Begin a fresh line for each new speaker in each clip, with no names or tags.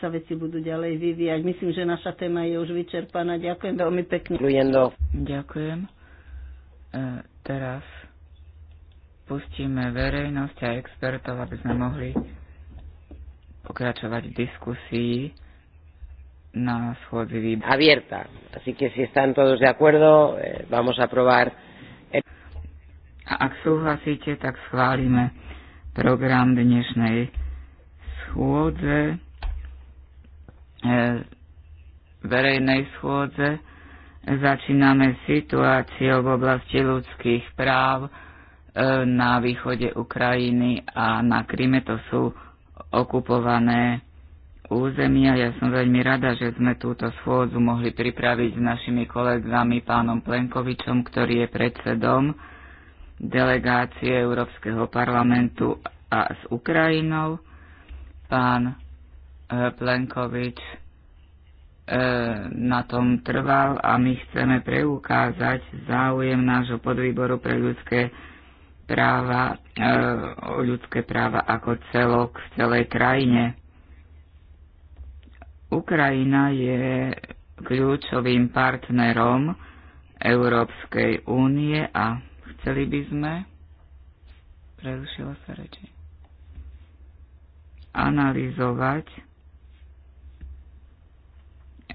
sa veci budú ďalej vyvíjať. Myslím, že naša téma je už vyčerpaná. Ďakujem veľmi pekne.
Ďakujem. E, teraz pustíme verejnosť a expertov, aby sme mohli pokračovať v diskusii na schôdzi výboru. Abierta. Así que si están todos de acuerdo, eh, vamos a probar. A ak súhlasíte, tak schválime program dnešnej schôdze. E, verejnej schôdze. Začíname situáciu v oblasti ľudských práv e, na východe Ukrajiny a na Kryme. To sú okupované územia. Ja som veľmi rada, že sme túto schôdzu mohli pripraviť s našimi kolegami pánom Plenkovičom, ktorý je predsedom delegácie Európskeho parlamentu a s Ukrajinou. Pán Plenkovič e, na tom trval a my chceme preukázať záujem nášho podvýboru pre ľudské práva, e, o ľudské práva ako celok v celej krajine. Ukrajina je kľúčovým partnerom Európskej únie a chceli by sme, prerušila sa reči, analyzovať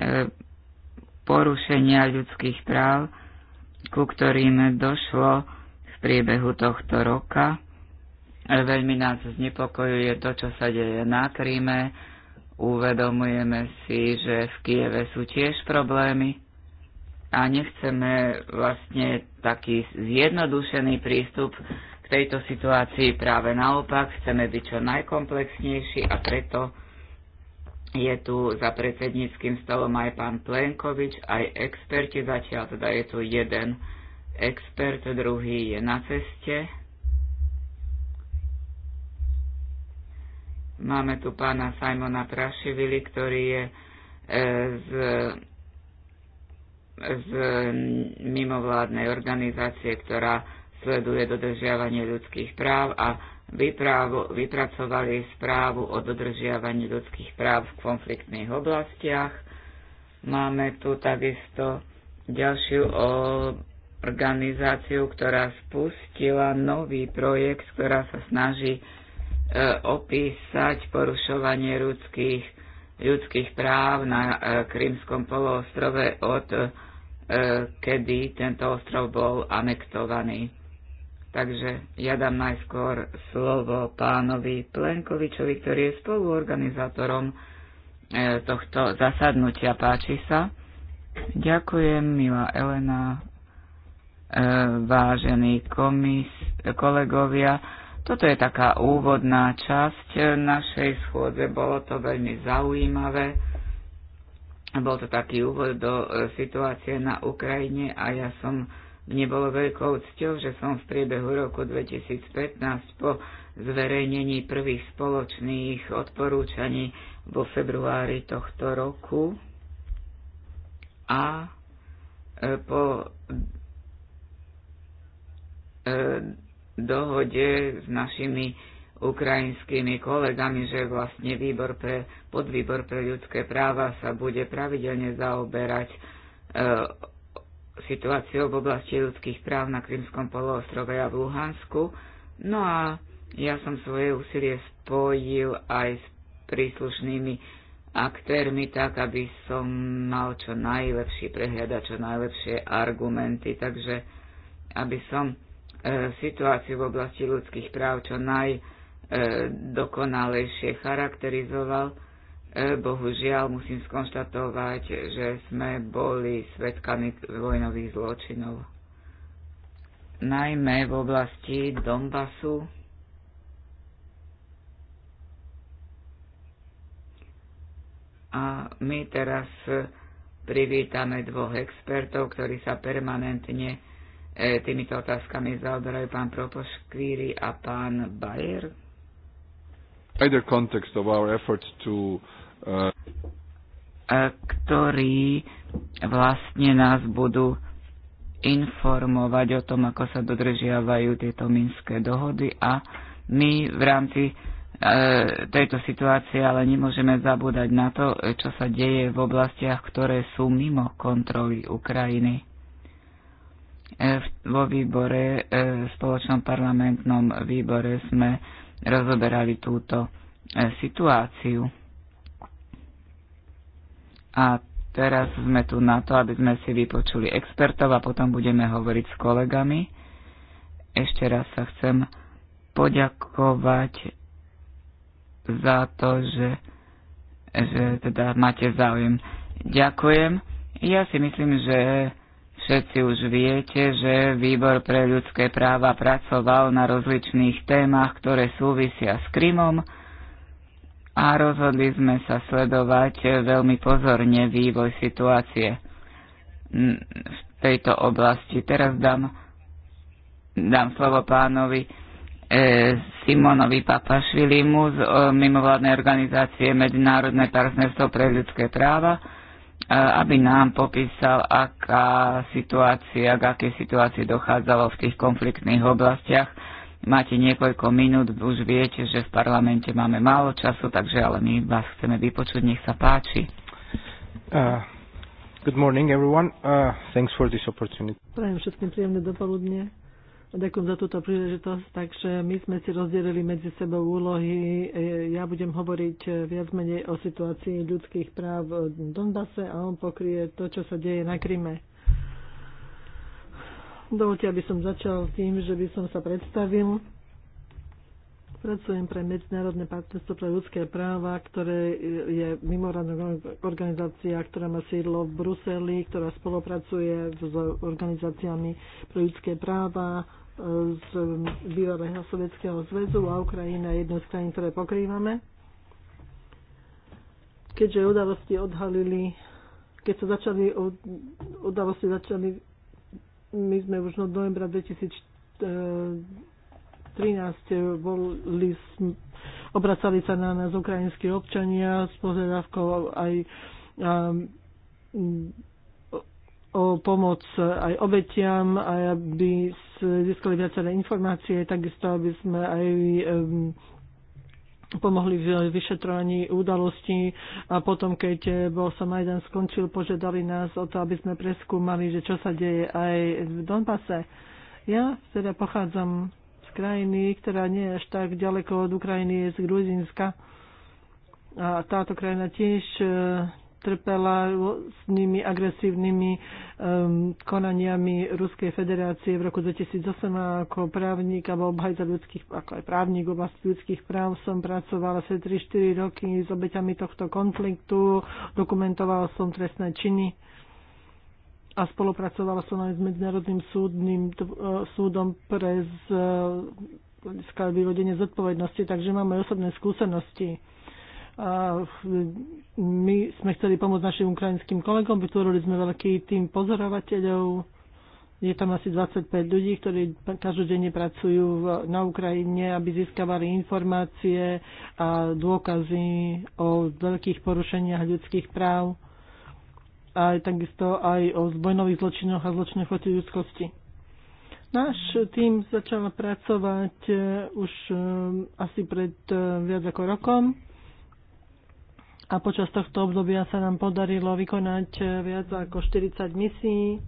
E, porušenia ľudských práv, ku ktorým došlo v priebehu tohto roka. E, veľmi nás znepokojuje to, čo sa deje na Kríme. Uvedomujeme si, že v Kieve sú tiež problémy a nechceme vlastne taký zjednodušený prístup k tejto situácii. Práve naopak, chceme byť čo najkomplexnejší a preto je tu za predsedníckým stolom aj pán Plenkovič, aj experti zatiaľ, teda je tu jeden expert, druhý je na ceste. Máme tu pána Simona Prašivili, ktorý je e, z, z mimovládnej organizácie, ktorá sleduje dodržiavanie ľudských práv a vyprávo, vypracovali správu o dodržiavaní ľudských práv v konfliktných oblastiach. Máme tu takisto ďalšiu organizáciu, ktorá spustila nový projekt, ktorá sa snaží e, opísať porušovanie ľudských, ľudských práv na e, Krymskom poloostrove od e, kedy tento ostrov bol anektovaný Takže ja dám najskôr slovo pánovi Plenkovičovi, ktorý je spoluorganizátorom e, tohto zasadnutia. Páči sa. Ďakujem, milá Elena, e, vážení komis, kolegovia. Toto je taká úvodná časť našej schôdze. Bolo to veľmi zaujímavé. Bol to taký úvod do e, situácie na Ukrajine a ja som mne bolo veľkou cťou, že som v priebehu roku 2015 po zverejnení prvých spoločných odporúčaní vo februári tohto roku a e, po e, dohode s našimi ukrajinskými kolegami, že vlastne výbor pre, podvýbor pre ľudské práva sa bude pravidelne zaoberať e, situáciou v oblasti ľudských práv na Krymskom poloostrove a v Luhansku. No a ja som svoje úsilie spojil aj s príslušnými aktérmi tak, aby som mal čo najlepší prehľad a čo najlepšie argumenty. Takže aby som e, situáciu v oblasti ľudských práv čo najdokonalejšie e, charakterizoval Bohužiaľ musím skonštatovať, že sme boli svetkami vojnových zločinov. Najmä v oblasti Donbasu a my teraz privítame dvoch expertov, ktorí sa permanentne e, týmito otázkami zaoberajú pán Propoškvíri a pán Bayer.
Either context of our efforts to
E,
ktorí vlastne nás budú informovať o tom, ako sa dodržiavajú tieto minské dohody a my v rámci e, tejto situácie ale nemôžeme zabúdať na to, čo sa deje v oblastiach, ktoré sú mimo kontroly Ukrajiny. E, vo výbore, v spoločnom parlamentnom výbore sme rozoberali túto situáciu. A teraz sme tu na to, aby sme si vypočuli expertov a potom budeme hovoriť s kolegami. Ešte raz sa chcem poďakovať za to, že, že teda máte záujem. Ďakujem. Ja si myslím, že všetci už viete, že Výbor pre ľudské práva pracoval na rozličných témach, ktoré súvisia s Krymom a rozhodli sme sa sledovať e, veľmi pozorne vývoj situácie v tejto oblasti. Teraz dám, dám slovo pánovi e, Simonovi Papašvilimu z e, mimovládnej organizácie Medzinárodné partnerstvo pre ľudské práva, e, aby nám popísal, aká situácia, k aké situácii dochádzalo v tých konfliktných oblastiach Máte niekoľko minút, už viete, že v parlamente máme málo času, takže ale my vás chceme vypočuť,
nech sa páči. Uh, good morning everyone. Uh, thanks for this opportunity. Prajem všetkým príjemné dopoludne. Ďakujem za túto príležitosť. Takže my sme si rozdelili medzi sebou úlohy. Ja budem hovoriť viac menej o situácii ľudských práv v Donbase a on pokrie to, čo sa deje na Kryme. Dovolte, aby som začal tým, že by som sa predstavil. Pracujem pre Medzinárodné partnerstvo pre ľudské práva, ktoré je mimoradná organizácia, ktorá má sídlo v Bruseli, ktorá spolupracuje s organizáciami pre ľudské práva z bývalého Sovjetského zväzu a Ukrajina je jednou z krajín, ktoré pokrývame. Keďže udalosti odhalili, keď sa začali udalosti začali my sme už od novembra 2013 boli, obracali sa na nás ukrajinskí občania s požiadavkou aj a, um, o pomoc aj obetiam, aj aby získali viaceré informácie, takisto aby sme aj um, pomohli v vyšetrovaní udalostí a potom, keď eh, bol sa Majdan skončil, požiadali nás o to, aby sme preskúmali, že čo sa deje aj v Donbase. Ja teda pochádzam z krajiny, ktorá nie je až tak ďaleko od Ukrajiny, je z Gruzínska. A táto krajina tiež eh, trpela s nimi agresívnymi um, konaniami Ruskej federácie v roku 2008 ako právnik alebo obhajca ľudských, ako aj právnik oblasti ľudských práv som pracovala asi 3-4 roky s obeťami tohto konfliktu, dokumentovala som trestné činy a spolupracovala som aj s Medzinárodným súdnym, e, súdom pre z, z e, vyvodenie zodpovednosti, takže máme osobné skúsenosti. A my sme chceli pomôcť našim ukrajinským kolegom, vytvorili sme veľký tým pozorovateľov. Je tam asi 25 ľudí, ktorí každodenne pracujú na Ukrajine, aby získavali informácie a dôkazy o veľkých porušeniach ľudských práv a takisto aj o zbojnových zločinoch a zločinoch proti ľudskosti. Náš tým začal pracovať eh, už eh, asi pred eh, viac ako rokom a počas tohto obdobia sa nám podarilo vykonať eh, viac ako 40 misií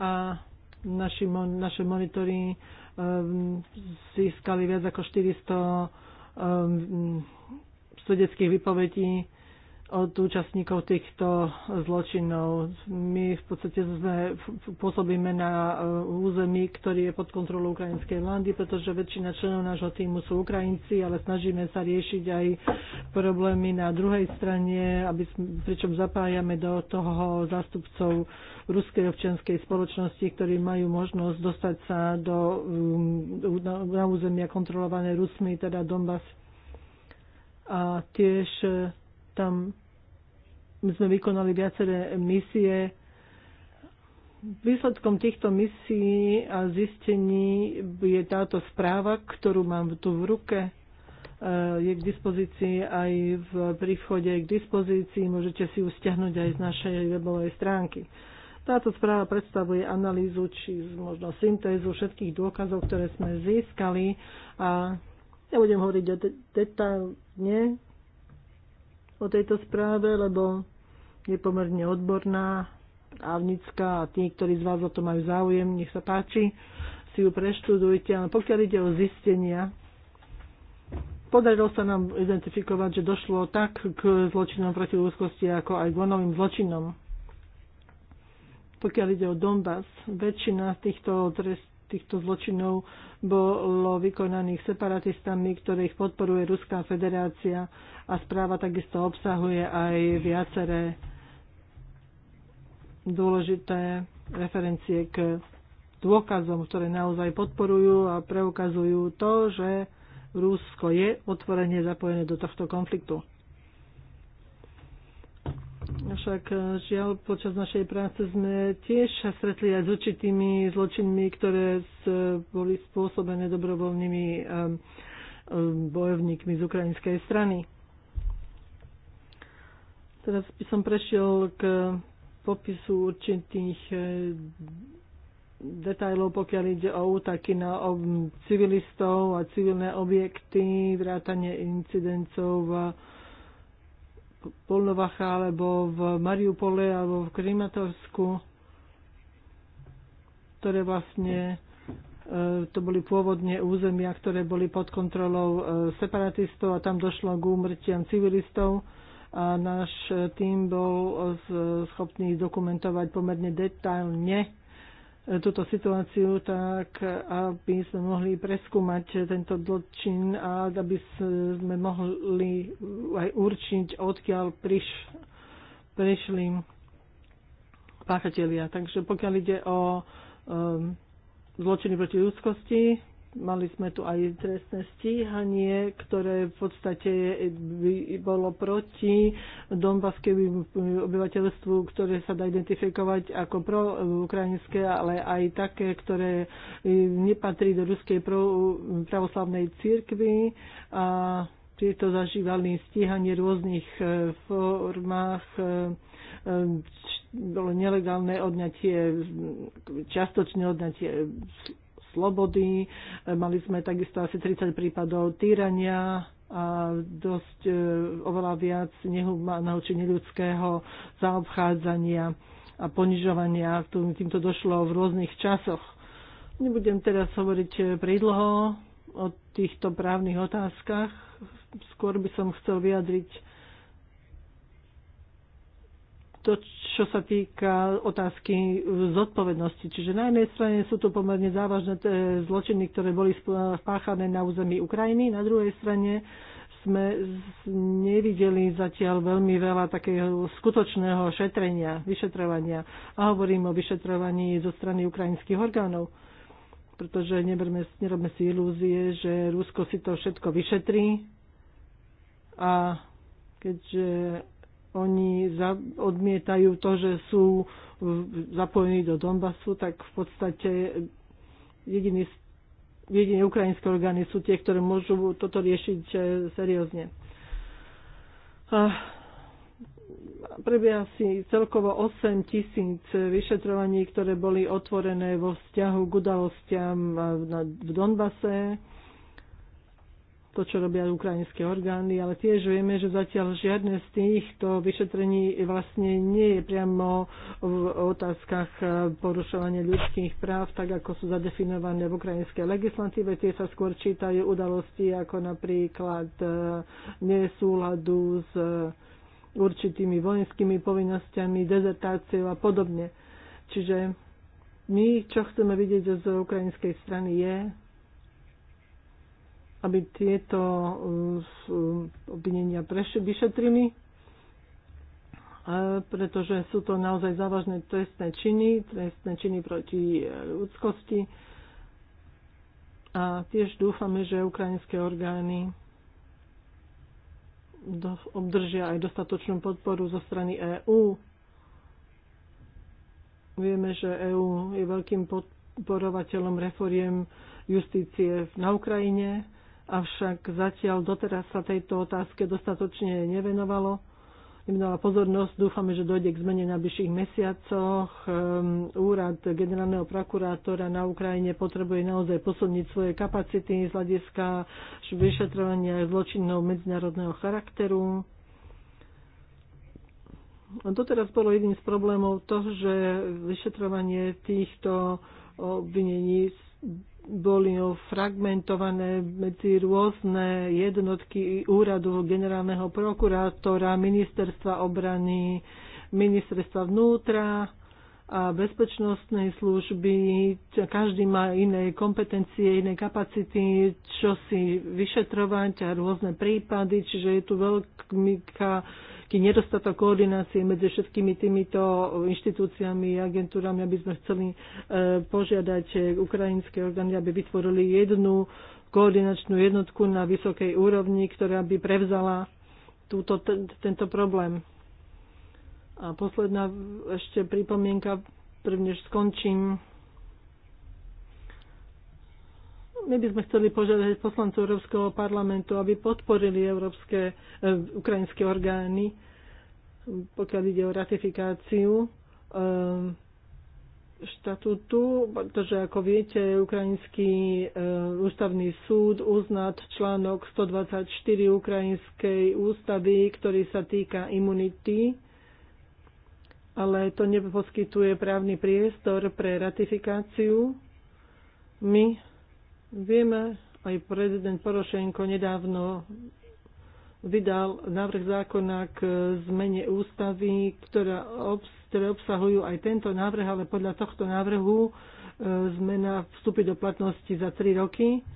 a naši, naše monitory um, získali viac ako 400 um, eh, svedeckých vypovedí od účastníkov týchto zločinov. My v podstate sme, pôsobíme na e, území, ktorý je pod kontrolou ukrajinskej vlády, pretože väčšina členov nášho týmu sú Ukrajinci, ale snažíme sa riešiť aj problémy na druhej strane, aby, pričom zapájame do toho zástupcov ruskej občianskej spoločnosti, ktorí majú možnosť dostať sa do, e, na územia kontrolované Rusmi, teda Donbass. A tiež tam sme vykonali viaceré misie. Výsledkom týchto misií a zistení je táto správa, ktorú mám tu v ruke e, je k dispozícii aj v príchode k dispozícii. Môžete si ju stiahnuť aj z našej webovej stránky. Táto správa predstavuje analýzu či možno syntézu všetkých dôkazov, ktoré sme získali a nebudem hovoriť detálne, o tejto správe, lebo je pomerne odborná, právnická a tí, ktorí z vás o to majú záujem, nech sa páči, si ju preštudujte. Ale pokiaľ ide o zistenia, podarilo sa nám identifikovať, že došlo tak k zločinom proti úzkosti, ako aj k vonovým zločinom. Pokiaľ ide o Donbass, väčšina týchto trest, týchto zločinov bolo vykonaných separatistami, ktorých podporuje Ruská federácia a správa takisto obsahuje aj viaceré dôležité referencie k dôkazom, ktoré naozaj podporujú a preukazujú to, že Rusko je otvorene zapojené do tohto konfliktu. Však eh, žiaľ, počas našej práce sme tiež sa stretli aj s určitými zločinmi, ktoré eh, boli spôsobené dobrovoľnými eh, bojovníkmi z ukrajinskej strany. Teraz by som prešiel k popisu určitých detajlov, pokiaľ ide o útaky na civilistov a civilné objekty, vrátanie incidencov a Polnovacha alebo v Mariupole alebo v Krimatorsku, ktoré vlastne e, to boli pôvodne územia, ktoré boli pod kontrolou e, separatistov a tam došlo k úmrtiam civilistov a náš e, tým bol schopný dokumentovať pomerne detailne túto situáciu tak, aby sme mohli preskúmať tento dlčin a aby sme mohli aj určiť, odkiaľ priš, prišli páchatelia. Takže pokiaľ ide o um, zločiny proti ľudskosti, mali sme tu aj trestné stíhanie, ktoré v podstate bolo proti donbaskej obyvateľstvu, ktoré sa dá identifikovať ako proukrajinské, ale aj také, ktoré nepatrí do ruskej pravoslavnej církvy. A tieto zažívali stíhanie rôznych e, formách, e, e, bolo nelegálne odňatie, čiastočné odňatie slobody, e, mali sme takisto asi 30 prípadov týrania a dosť e, oveľa viac nehumaného či neľudského zaobchádzania a ponižovania. Týmto došlo v rôznych časoch. Nebudem teraz hovoriť prídloho o týchto právnych otázkach. Skôr by som chcel vyjadriť to, čo sa týka otázky zodpovednosti. Čiže na jednej strane sú to pomerne závažné eh, zločiny, ktoré boli spáchané na území Ukrajiny, na druhej strane sme nevideli zatiaľ veľmi veľa takého skutočného šetrenia, vyšetrovania. A hovorím o vyšetrovaní zo strany ukrajinských orgánov, pretože neberme, nerobme si ilúzie, že Rusko si to všetko vyšetrí a keďže oni za, odmietajú to, že sú zapojení do Donbasu, tak v podstate jediný, jediné ukrajinské orgány sú tie, ktoré môžu toto riešiť e, seriózne. A prebieha si celkovo 8 tisíc vyšetrovaní, ktoré boli otvorené vo vzťahu k udalostiam e, v Donbase to, čo robia ukrajinské orgány, ale tiež vieme, že zatiaľ žiadne z týchto vyšetrení vlastne nie je priamo v otázkach eh, porušovania ľudských práv, tak ako sú zadefinované v ukrajinskej legislatíve. Tie sa skôr čítajú udalosti ako napríklad eh, nesúladu s eh, určitými vojenskými povinnosťami, dezertáciou a podobne. Čiže my, čo chceme vidieť z ukrajinskej strany, je, aby tieto eh, eh, obvinenia vyšetrili, eh, pretože sú to naozaj závažné trestné činy, trestné činy proti ľudskosti. A tiež dúfame, že ukrajinské orgány obdržia aj dostatočnú podporu zo strany EÚ. Vieme, že EÚ je veľkým podporovateľom reforiem justície na Ukrajine avšak zatiaľ doteraz sa tejto otázke dostatočne nevenovalo. Nevenovala pozornosť, dúfame, že dojde k zmene na bližších mesiacoch. Ehm, úrad generálneho prokurátora na Ukrajine potrebuje naozaj posilniť svoje kapacity z hľadiska vyšetrovania zločinov medzinárodného charakteru. Doteraz bolo jedným z problémov to, že vyšetrovanie týchto obvinení boli fragmentované medzi rôzne jednotky úradu generálneho prokurátora, ministerstva obrany, ministerstva vnútra a bezpečnostnej služby. Každý má iné kompetencie, iné kapacity, čo si vyšetrovať a rôzne prípady, čiže je tu veľká taký nedostatok koordinácie medzi všetkými týmito inštitúciami a agentúrami, aby sme chceli e, požiadať ukrajinské orgány, aby vytvorili jednu koordinačnú jednotku na vysokej úrovni, ktorá by prevzala túto, tento problém. A posledná ešte pripomienka, prvnež skončím my by sme chceli požiadať poslancov Európskeho parlamentu, aby podporili európske, e, ukrajinské orgány, pokiaľ ide o ratifikáciu e, štatútu, pretože ako viete, Ukrajinský e, ústavný súd uznat článok 124 Ukrajinskej ústavy, ktorý sa týka imunity, ale to neposkytuje právny priestor pre ratifikáciu. My Vieme, aj prezident Porošenko nedávno vydal návrh zákona k zmene ústavy, ktorá obs, ktoré obsahujú aj tento návrh, ale podľa tohto návrhu e, zmena vstúpi do platnosti za 3 roky.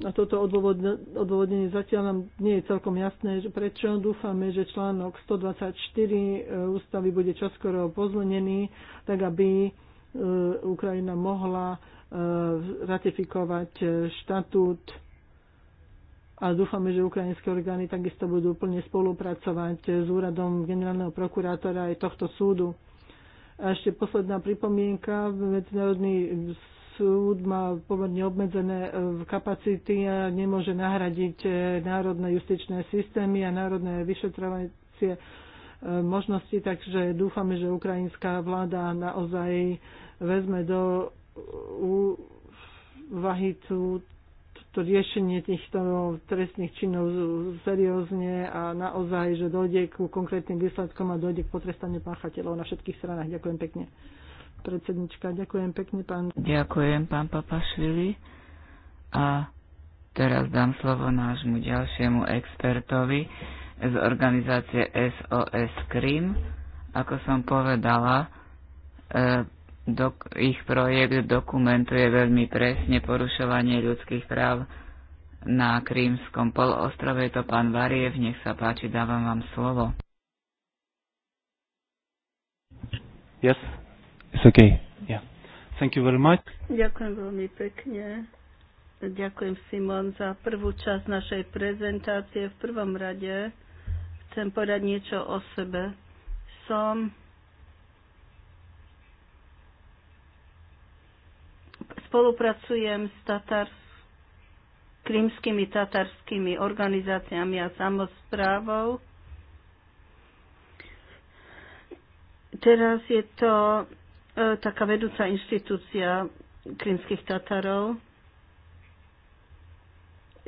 A toto odôvodnenie zatiaľ nám nie je celkom jasné, že prečo. Dúfame, že článok 124 e, ústavy bude čoskoro pozmenený, tak aby e, Ukrajina mohla Eh, ratifikovať eh, štatút a dúfame, že ukrajinské orgány takisto budú plne spolupracovať eh, s úradom generálneho prokurátora aj tohto súdu. A ešte posledná pripomienka. Medzinárodný súd má pomerne obmedzené kapacity a nemôže nahradiť národné justičné systémy a národné vyšetrovacie možnosti, takže dúfame, že ukrajinská vláda naozaj vezme do úvahy tú, to riešenie týchto trestných činov seriózne a naozaj, že dojde ku konkrétnym výsledkom a dojde k potrestaniu páchateľov na všetkých stranách. Ďakujem pekne. Predsednička, ďakujem pekne, pán.
Ďakujem, pán Papašvili. A teraz dám slovo nášmu ďalšiemu expertovi z organizácie SOS Krim. Ako som povedala, eh, dok- ich projekt dokumentuje veľmi presne porušovanie ľudských práv na Krímskom polostrove. Je to pán Variev, nech sa páči, dávam vám
slovo. Yes, it's okay. Yeah. Thank you very much. Ďakujem veľmi pekne. Ďakujem Simon za prvú časť našej prezentácie. V prvom rade chcem povedať niečo o sebe. Som Spolupracujem s Tatars krímskymi tatarskými organizáciami a samozprávou. Teraz je to e, taká vedúca inštitúcia krímskych Tatarov.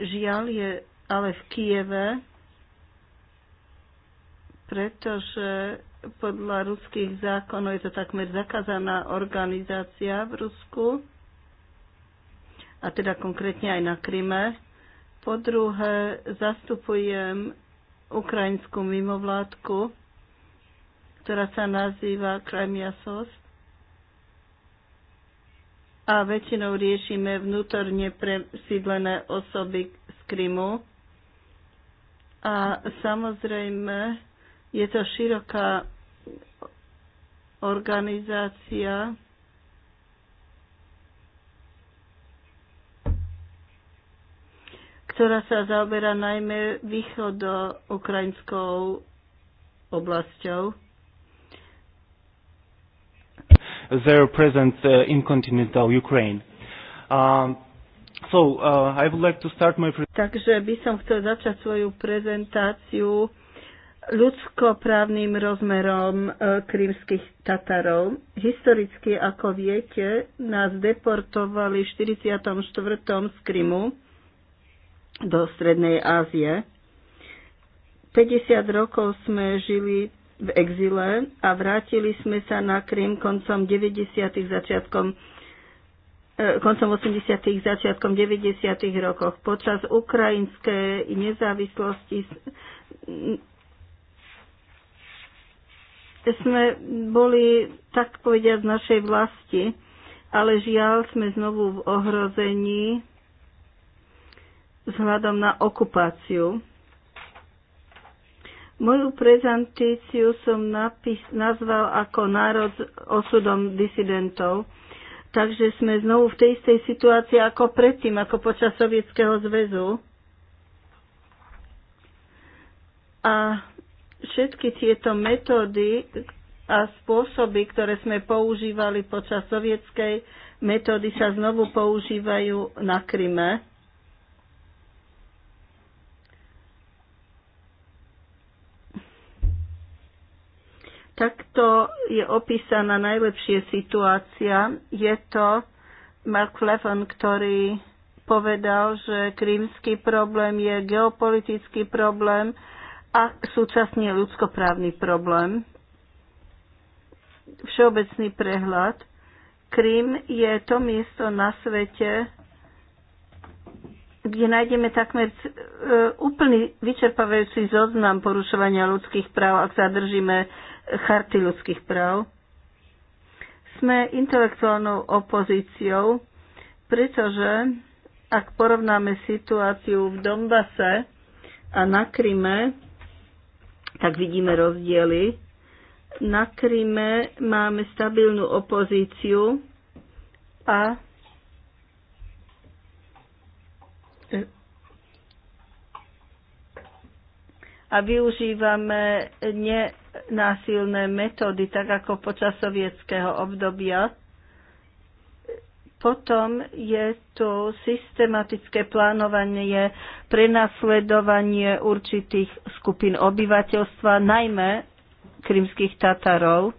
Žiaľ je ale v Kieve, pretože podľa ruských zákonov je to takmer zakázaná organizácia v Rusku a teda konkrétne aj na Kryme. Po druhé, zastupujem ukrajinskú mimovládku, ktorá sa nazýva Crimea SOS. A väčšinou riešime vnútorne presídlené osoby z Krymu. A samozrejme, je to široká organizácia, ktorá sa zaoberá najmä východo-ukrajinskou oblasťou. They are present uh, in continental Ukraine. Um, so, uh, I would like to start my Takže by som chcel začať svoju prezentáciu ľudskoprávnym rozmerom uh, krímskych Tatarov. Historicky, ako viete, nás deportovali v 44. z Krymu do Strednej Ázie. 50 rokov sme žili v exile a vrátili sme sa na Krym koncom 90. začiatkom e, koncom 80. začiatkom 90. rokoch. Počas ukrajinskej nezávislosti sme boli, tak povediať, z našej vlasti, ale žiaľ sme znovu v ohrození vzhľadom na okupáciu. Moju prezentáciu som napis, nazval ako národ s osudom disidentov, takže sme znovu v tej istej situácii ako predtým, ako počas Sovietskeho zväzu. A všetky tieto metódy a spôsoby, ktoré sme používali počas sovietskej metódy, sa znovu používajú na Kryme Takto je opísaná najlepšie situácia. Je to Mark Levin, ktorý povedal, že krímsky problém je geopolitický problém a súčasne ľudskoprávny problém. Všeobecný prehľad. Krím je to miesto na svete, kde nájdeme takmer e, úplný vyčerpávajúci zoznam porušovania ľudských práv, ak zadržíme charty ľudských práv. Sme intelektuálnou opozíciou, pretože ak porovnáme situáciu v Dombase a na Kryme, tak vidíme rozdiely. Na Kryme máme stabilnú opozíciu a a využívame ne, násilné metódy, tak ako počas sovietského obdobia. Potom je tu systematické plánovanie, prenasledovanie určitých skupín obyvateľstva, najmä krymských Tatarov,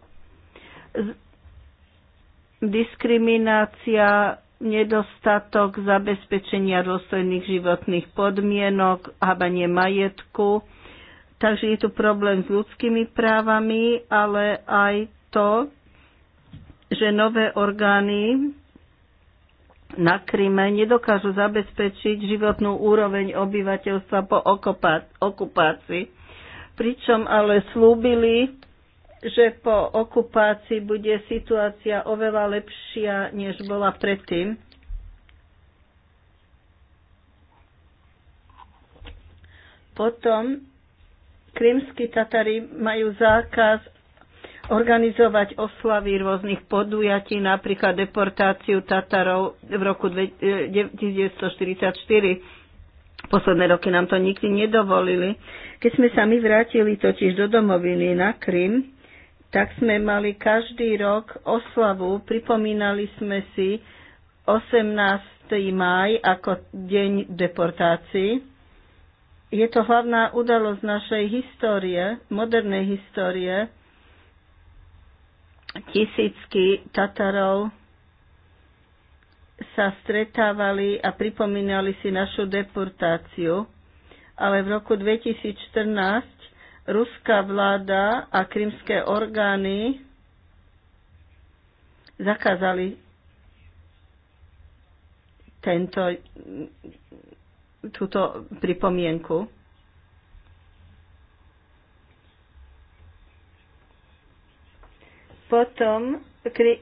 diskriminácia, nedostatok zabezpečenia dôstojných životných podmienok, hábanie majetku, Takže je tu problém s ľudskými právami, ale aj to, že nové orgány na Kryme nedokážu zabezpečiť životnú úroveň obyvateľstva po okupácii. Pričom ale slúbili, že po okupácii bude situácia oveľa lepšia, než bola predtým. Potom Krymskí Tatari majú zákaz organizovať oslavy rôznych podujatí, napríklad deportáciu Tatarov v roku 1944. E, Posledné roky nám to nikdy nedovolili. Keď sme sa my vrátili totiž do domoviny na Krym, tak sme mali každý rok oslavu, pripomínali sme si 18. máj ako deň deportácií je to hlavná udalosť našej histórie, modernej histórie. Tisícky Tatarov sa stretávali a pripomínali si našu deportáciu, ale v roku 2014 ruská vláda a krymské orgány zakázali tento túto pripomienku. Potom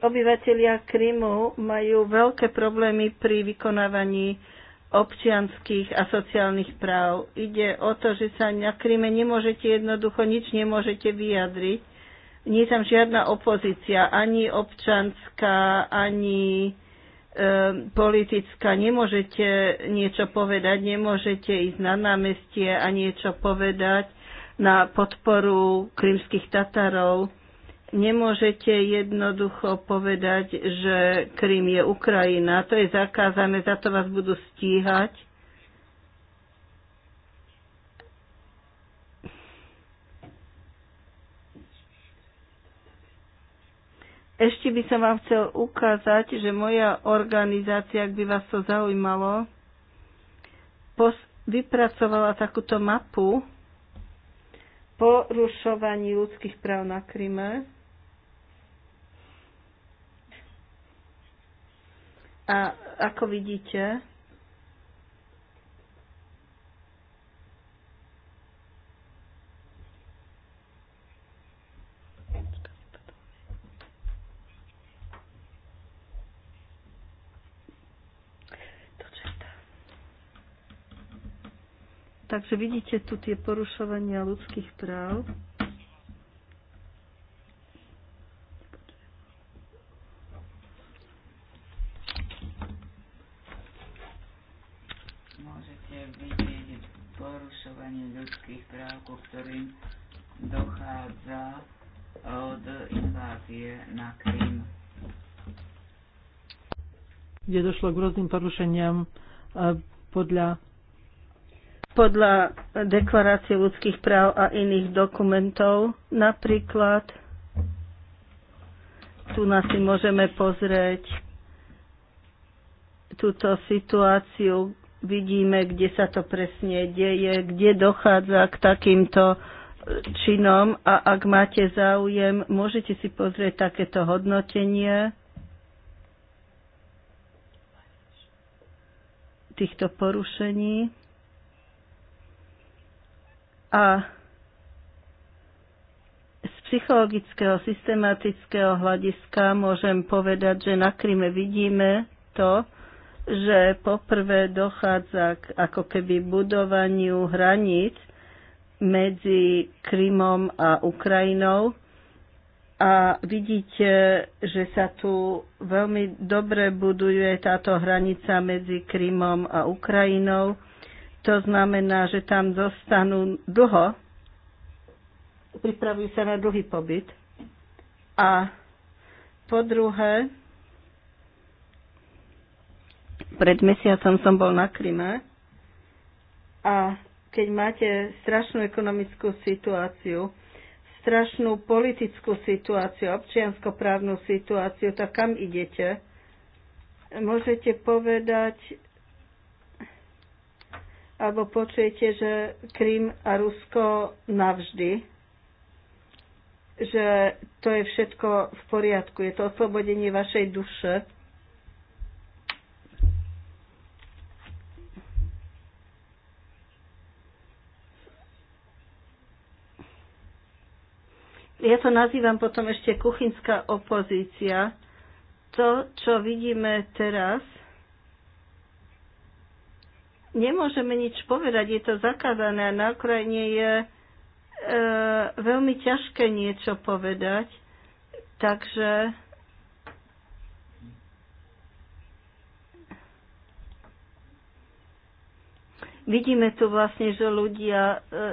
obyvateľia Krymu majú veľké problémy pri vykonávaní občianských a sociálnych práv. Ide o to, že sa na Kryme nemôžete jednoducho nič nemôžete vyjadriť. Nie je tam žiadna opozícia, ani občanská, ani E, politická. Nemôžete niečo povedať, nemôžete ísť na námestie a niečo povedať na podporu krymských Tatarov. Nemôžete jednoducho povedať, že Krym je Ukrajina. To je zakázané, za to vás budú stíhať. Ešte by som vám chcel ukázať, že moja organizácia, ak by vás to zaujímalo, vypracovala takúto mapu porušovaní ľudských práv na Kryme. A ako vidíte, Takže vidíte tu tie porušovania ľudských práv.
Môžete vidieť porušovanie ľudských práv, ku ktorým dochádza od invázie na Krym.
Kde došlo k rôznym porušeniam eh, podľa
podľa deklarácie ľudských práv a iných dokumentov. Napríklad tu nás si môžeme pozrieť túto situáciu, vidíme, kde sa to presne deje, kde dochádza k takýmto činom a ak máte záujem, môžete si pozrieť takéto hodnotenie týchto porušení. A z psychologického, systematického hľadiska môžem povedať, že na Kryme vidíme to, že poprvé dochádza k ako keby budovaniu hraníc medzi Krymom a Ukrajinou. A vidíte, že sa tu veľmi dobre buduje táto hranica medzi Krymom a Ukrajinou to znamená, že tam zostanú dlho, pripravujú sa na dlhý pobyt. A po druhé, pred mesiacom som bol na Kryme a keď máte strašnú ekonomickú situáciu, strašnú politickú situáciu, občianskoprávnu situáciu, tak kam idete? Môžete povedať, alebo počujete, že Krym a Rusko navždy, že to je všetko v poriadku, je to oslobodenie vašej duše. Ja to nazývam potom ešte kuchynská opozícia. To, čo vidíme teraz, nemôžeme nič povedať, je to zakázané a na Ukrajine je e, veľmi ťažké niečo povedať. Takže vidíme tu vlastne, že ľudia e, e,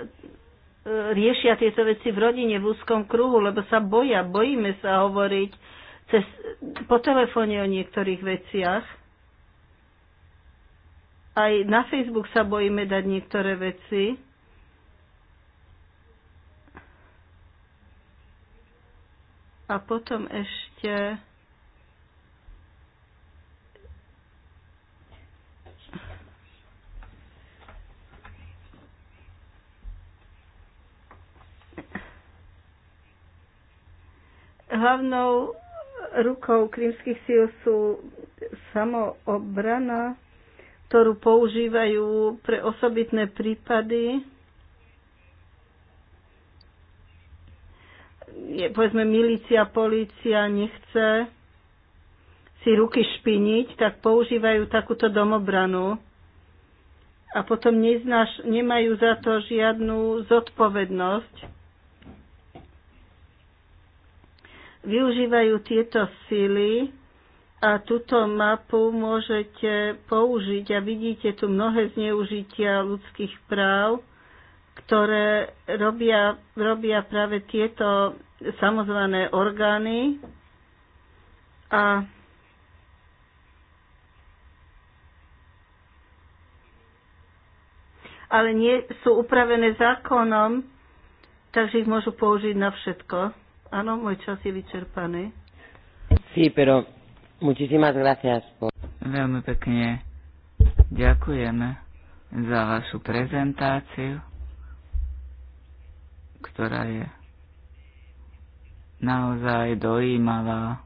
riešia tieto veci v rodine, v úzkom kruhu, lebo sa boja, bojíme sa hovoriť cez, po telefóne o niektorých veciach. Aj na Facebook sa bojíme dať niektoré veci. A potom ešte hlavnou rukou krímskych síl sú samoobrana ktorú používajú pre osobitné prípady. Je, povedzme, milícia, polícia nechce si ruky špiniť, tak používajú takúto domobranu a potom neznáš, nemajú za to žiadnu zodpovednosť. Využívajú tieto síly a túto mapu môžete použiť a vidíte tu mnohé zneužitia ľudských práv, ktoré robia, robia práve tieto samozvané orgány a ale nie sú upravené zákonom, takže ich môžu použiť na všetko. Áno, môj čas je vyčerpaný.
Sí, pero Muchísimas gracias. Veľmi pekne ďakujeme za vašu prezentáciu, ktorá je naozaj dojímavá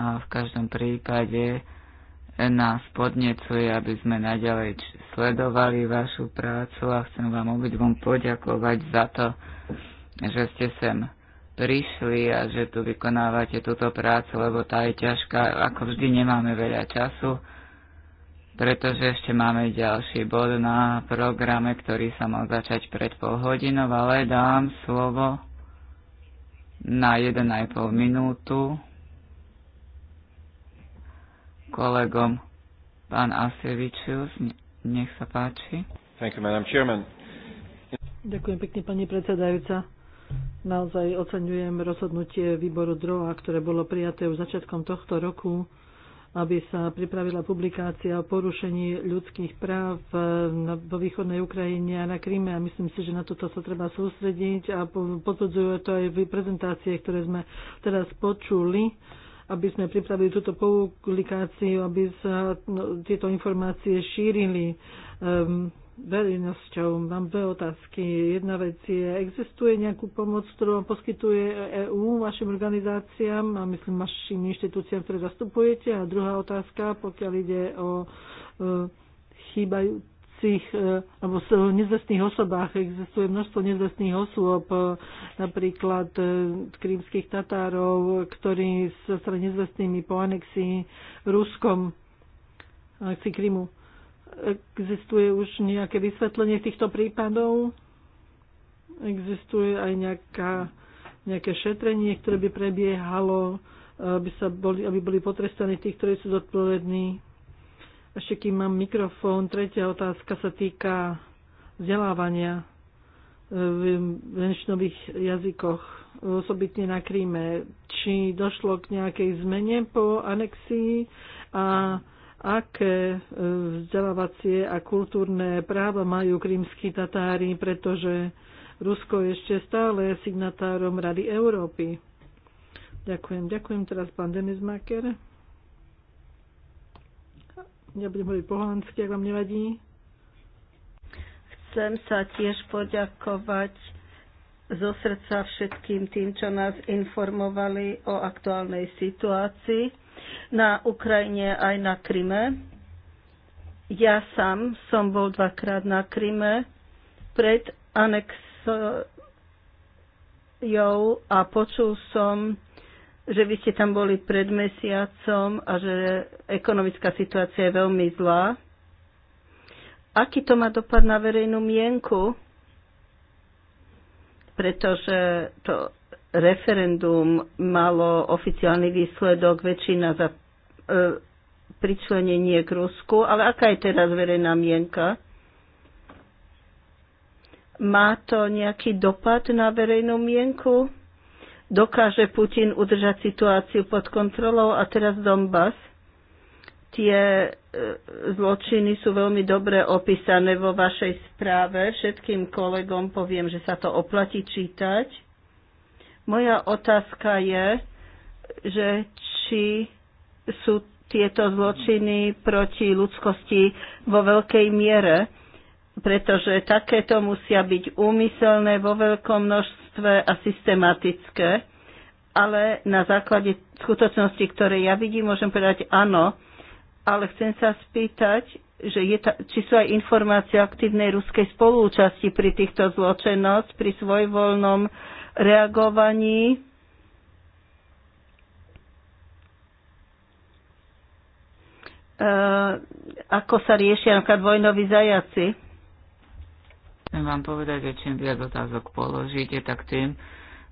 a v každom prípade nás podnecuje, aby sme naďalej sledovali vašu prácu a chcem vám obidvom poďakovať za to, že ste sem prišli a že tu vykonávate túto prácu, lebo tá je ťažká. Ako vždy nemáme veľa času, pretože ešte máme ďalší bod na programe, ktorý sa mal začať pred pol hodinou, ale dám slovo na 1,5 minútu kolegom. Pán Asevičius, nech sa páči.
Thank you, Madam Chairman. Ďakujem pekne, pani predsedajúca. Naozaj oceňujem rozhodnutie výboru DROA, ktoré bolo prijaté už začiatkom tohto roku, aby sa pripravila publikácia o porušení ľudských práv eh, vo východnej Ukrajine a na Kríme. A myslím si, že na toto sa treba sústrediť a potvrdzujú to aj v prezentácie, ktoré sme teraz počuli aby sme pripravili túto publikáciu, aby sa no, tieto informácie šírili. Um, verejnosťou. Mám dve otázky. Jedna vec je, existuje nejakú pomoc, ktorú vám poskytuje EÚ vašim organizáciám a myslím vašim inštitúciám, ktoré zastupujete? A druhá otázka, pokiaľ ide o e, chýbajúcich e, alebo e, nezvestných osobách. Existuje množstvo nezvestných osôb, e, napríklad e, krímskych Tatárov, ktorí sa stali nezvestnými po anexii Ruskom, anexii Krymu Existuje už nejaké vysvetlenie týchto prípadov? Existuje aj nejaká, nejaké šetrenie, ktoré by prebiehalo, aby, sa boli, aby boli potrestaní tí, ktorí sú zodpovední? Ešte kým mám mikrofón, tretia otázka sa týka vzdelávania e, v menšinových jazykoch, osobitne na Kríme. Či došlo k nejakej zmene po anexii a aké e, vzdelávacie a kultúrne práva majú krímsky Tatári, pretože Rusko je ešte stále signatárom Rady Európy. Ďakujem. Ďakujem teraz pán Denis Maker. Ja budem hovoriť po holandsky, ak vám nevadí.
Chcem sa tiež poďakovať zo srdca všetkým tým, čo nás informovali o aktuálnej situácii na Ukrajine aj na Kryme. Ja sám som bol dvakrát na Kryme pred anexiou a počul som, že vy ste tam boli pred mesiacom a že ekonomická situácia je veľmi zlá. Aký to má dopad na verejnú mienku? Pretože to referendum malo oficiálny výsledok väčšina za e, pričlenenie k Rusku, ale aká je teraz verejná mienka? Má to nejaký dopad na verejnú mienku? Dokáže Putin udržať situáciu pod kontrolou a teraz Donbass? Tie e, zločiny sú veľmi dobre opísané vo vašej správe. Všetkým kolegom poviem, že sa to oplatí čítať moja otázka je, že či sú tieto zločiny proti ľudskosti vo veľkej miere, pretože takéto musia byť úmyselné vo veľkom množstve a systematické, ale na základe skutočnosti, ktoré ja vidím, môžem povedať áno, ale chcem sa spýtať, že je ta, či sú aj informácie o aktívnej ruskej spolúčasti pri týchto zločinoch, pri svojvoľnom voľnom reagovaní. E, ako sa riešia napríklad vojnoví zajaci? Chcem vám povedať, že čím viac otázok položíte,
tak tým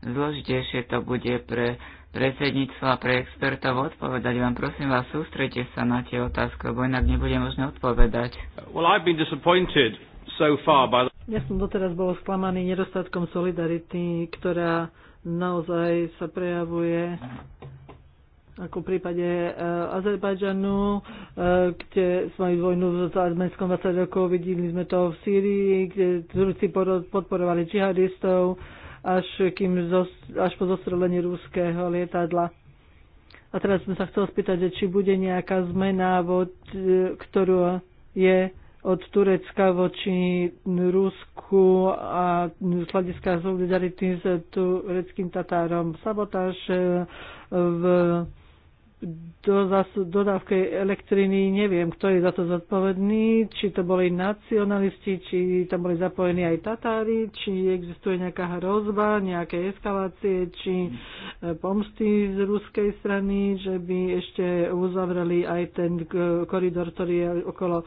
zložitejšie to bude pre predsedníctvo a pre expertov odpovedať vám. Prosím vás, sústrete sa na tie otázky, lebo inak nebude možné odpovedať.
Well, I've been disappointed so far by the... Ja som doteraz bol sklamaný nedostatkom solidarity, ktorá naozaj sa prejavuje ako v prípade uh, Azerbajdžanu, uh, kde sme vojnu s Azmenskom 20 rokov, videli sme to v Sýrii, kde Turci podporovali džihadistov až, kým zos, až po zostrelení rúského lietadla. A teraz som sa chcel spýtať, či bude nejaká zmena, ktorú je od Turecka voči Rusku a z hľadiska solidarity s tureckým Tatárom. Sabotáž eh, v dodávke elektriny, neviem, kto je za to zodpovedný, či to boli nacionalisti, či tam boli zapojení aj Tatári, či existuje nejaká hrozba, nejaké eskalácie, či e, pomsty z ruskej strany, že by ešte uzavreli aj ten koridor, ktorý je okolo e,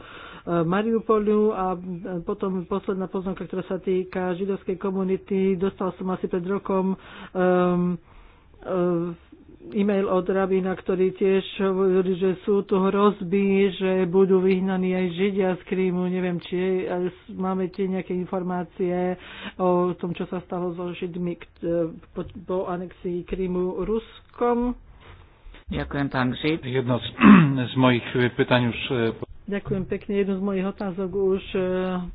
Mariupolu a e, potom posledná poznámka, ktorá sa týka židovskej komunity. Dostal som asi pred rokom um, um e-mail od rabína, ktorý tiež hovorí, že sú tu hrozby, že budú vyhnaní aj Židia z Krímu. Neviem, či máme tie nejaké informácie o tom, čo sa stalo so Židmi po, po anexii Krímu Ruskom.
Ďakujem,
pán Žid. Jedno z, z mojich pytań už... E,
Ďakujem pekne. Jednu z mojich otázok už e,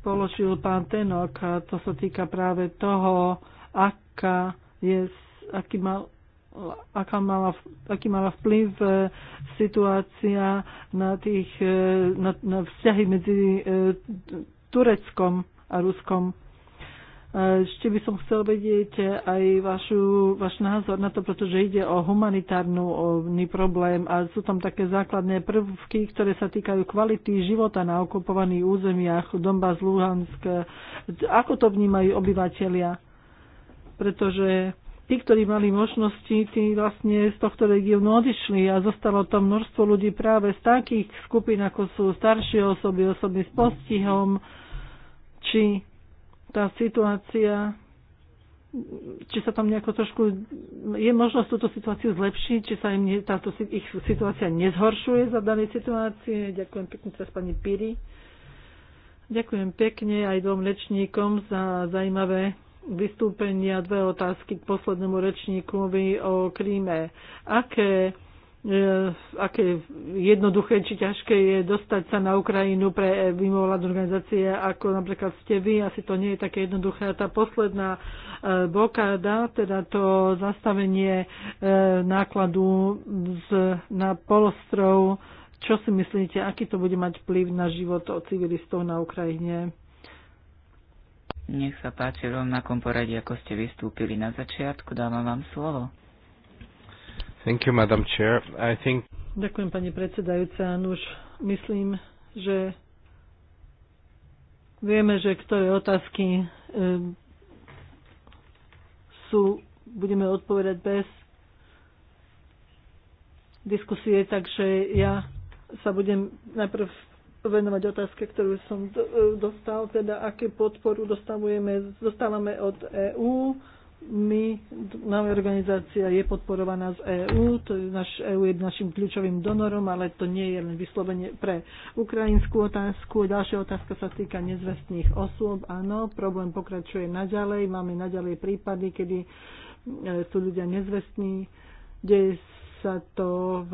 položil pán Tenok a to sa týka práve toho, aká je, aký mal aká mala, aký mala vplyv e, situácia na, tých, e, na, na vzťahy medzi e, Tureckom a Ruskom. Ešte by som chcel vedieť aj vašu, váš názor na to, pretože ide o humanitárny problém a sú tam také základné prvky, ktoré sa týkajú kvality života na okupovaných územiach Donbass, Luhansk. Ako to vnímajú obyvateľia? Pretože tí, ktorí mali možnosti, tí vlastne z tohto regiónu odišli a zostalo tam množstvo ľudí práve z takých skupín, ako sú staršie osoby, osoby s postihom, či tá situácia či sa tam nejako trošku, je možnosť túto situáciu zlepšiť, či sa im nie, táto ich situácia nezhoršuje za danej situácie. Ďakujem pekne teraz pani Piri. Ďakujem pekne aj dvom lečníkom za zaujímavé vystúpenia dve otázky k poslednému rečníku o Kríme. Aké e, aké jednoduché či ťažké je dostať sa na Ukrajinu pre mimovládne organizácie, ako napríklad ste vy, asi to nie je také jednoduché. A tá posledná e, blokáda, teda to zastavenie e, nákladu z, na polostrov, čo si myslíte, aký to bude mať vplyv na život civilistov na Ukrajine?
Nech sa páči v rovnakom poradí, ako ste vystúpili
na začiatku. Dávam vám slovo.
Thank you, Madam Chair. I think...
Ďakujem, pani predsedajúca. Nuž, myslím, že vieme, že ktoré otázky um, sú, budeme odpovedať bez diskusie, takže ja sa budem najprv venovať otázke, ktorú som e, dostal, teda aké podporu dostávame, dostávame od EÚ. My, naša organizácia je podporovaná z EÚ, to je naš, EÚ je našim kľúčovým donorom, ale to nie je len vyslovene pre ukrajinskú otázku. Ďalšia otázka sa týka nezvestných osôb. Áno, problém pokračuje naďalej, máme naďalej prípady, kedy e, sú ľudia nezvestní, deje sa to v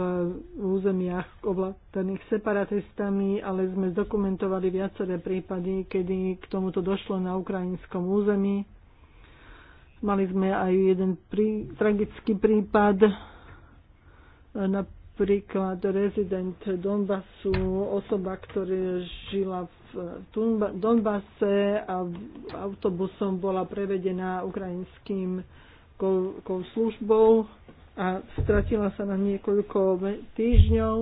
územiach ovládaných separatistami, ale sme zdokumentovali viaceré prípady, kedy k tomuto došlo na ukrajinskom území. Mali sme aj jeden prí, tragický prípad, napríklad rezident Donbasu, osoba, ktorá žila v Donbase a autobusom bola prevedená ukrajinským službou a stratila sa na niekoľko týždňov.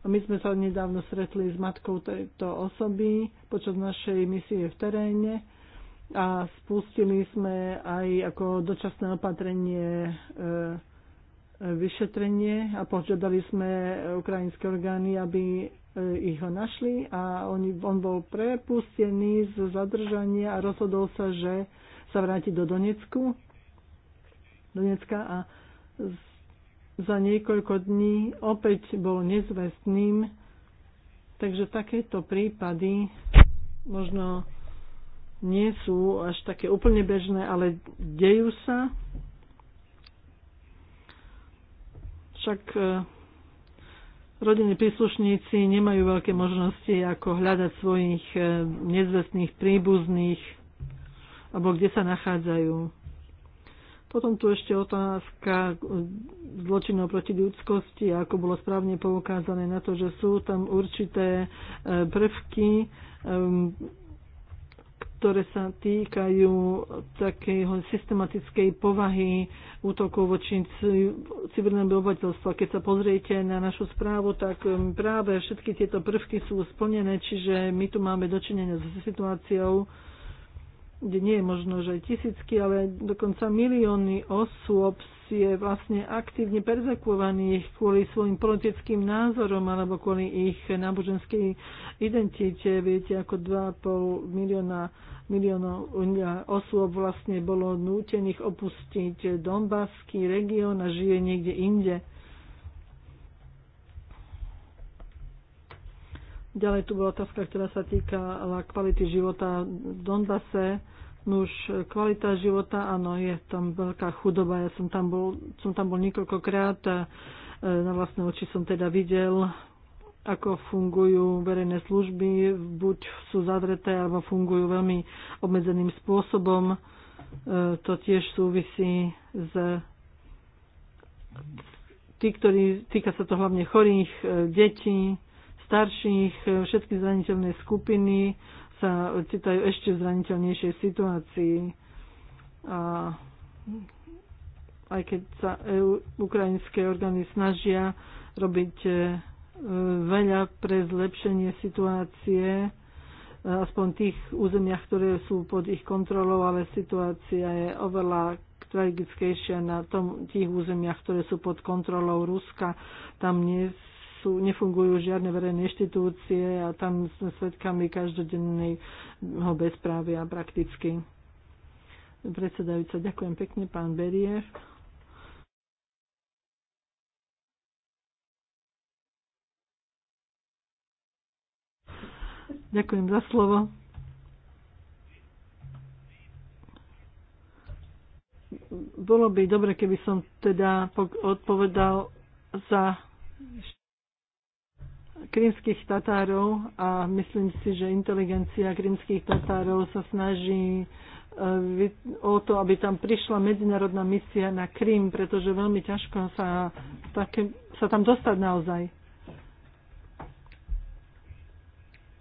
A my sme sa nedávno stretli s matkou tejto osoby počas našej misie v teréne a spustili sme aj ako dočasné opatrenie e, e, vyšetrenie a požiadali sme ukrajinské orgány, aby e, ich ho našli a on, on bol prepustený z zadržania a rozhodol sa, že sa vráti do Donecku, Donecka a za niekoľko dní opäť bol nezvestným. Takže takéto prípady možno nie sú až také úplne bežné, ale dejú sa. Však e, rodinní príslušníci nemajú veľké možnosti, ako hľadať svojich e, nezvestných príbuzných alebo kde sa nachádzajú. Potom tu ešte otázka zločinov proti ľudskosti, ako bolo správne poukázané na to, že sú tam určité e, prvky, ktoré sa týkajú takého systematickej povahy útokov voči civilnému obyvateľstva. Keď sa pozriete na našu správu, tak práve všetky tieto prvky sú splnené, čiže my tu máme dočinenie so situáciou, kde nie je možno, že tisícky, ale dokonca milióny osôb je vlastne aktívne perzekovaných kvôli svojim politickým názorom alebo kvôli ich náboženskej identite. Viete, ako 2,5 milióna miliónov osôb vlastne bolo nútených opustiť Donbasský región a žije niekde inde. Ďalej tu bola otázka, ktorá sa týkala kvality života v Donbase. Nuž, kvalita života, áno, je tam veľká chudoba. Ja som tam bol, som tam bol niekoľkokrát a e, na vlastné oči som teda videl, ako fungujú verejné služby. Buď sú zavreté, alebo fungujú veľmi obmedzeným spôsobom. E, to tiež súvisí s tí, ktorí, týka sa to hlavne chorých e, detí, starších, všetky zraniteľné skupiny sa citajú ešte v zraniteľnejšej situácii. A aj keď sa EU, ukrajinské orgány snažia robiť e, veľa pre zlepšenie situácie, e, aspoň tých územiach, ktoré sú pod ich kontrolou, ale situácia je oveľa tragickejšia na tom, tých územiach, ktoré sú pod kontrolou Ruska. Tam nie sú, nefungujú žiadne verejné inštitúcie a tam sme svedkami každodenného bezprávia prakticky. Predsedajúca, ďakujem pekne, pán Berier. Ďakujem za slovo. Bolo by dobre, keby som teda odpovedal za krímskych Tatárov a myslím si, že inteligencia krímskych Tatárov sa snaží e, o to, aby tam prišla medzinárodná misia na Krím, pretože veľmi ťažko sa, také, sa tam dostať naozaj.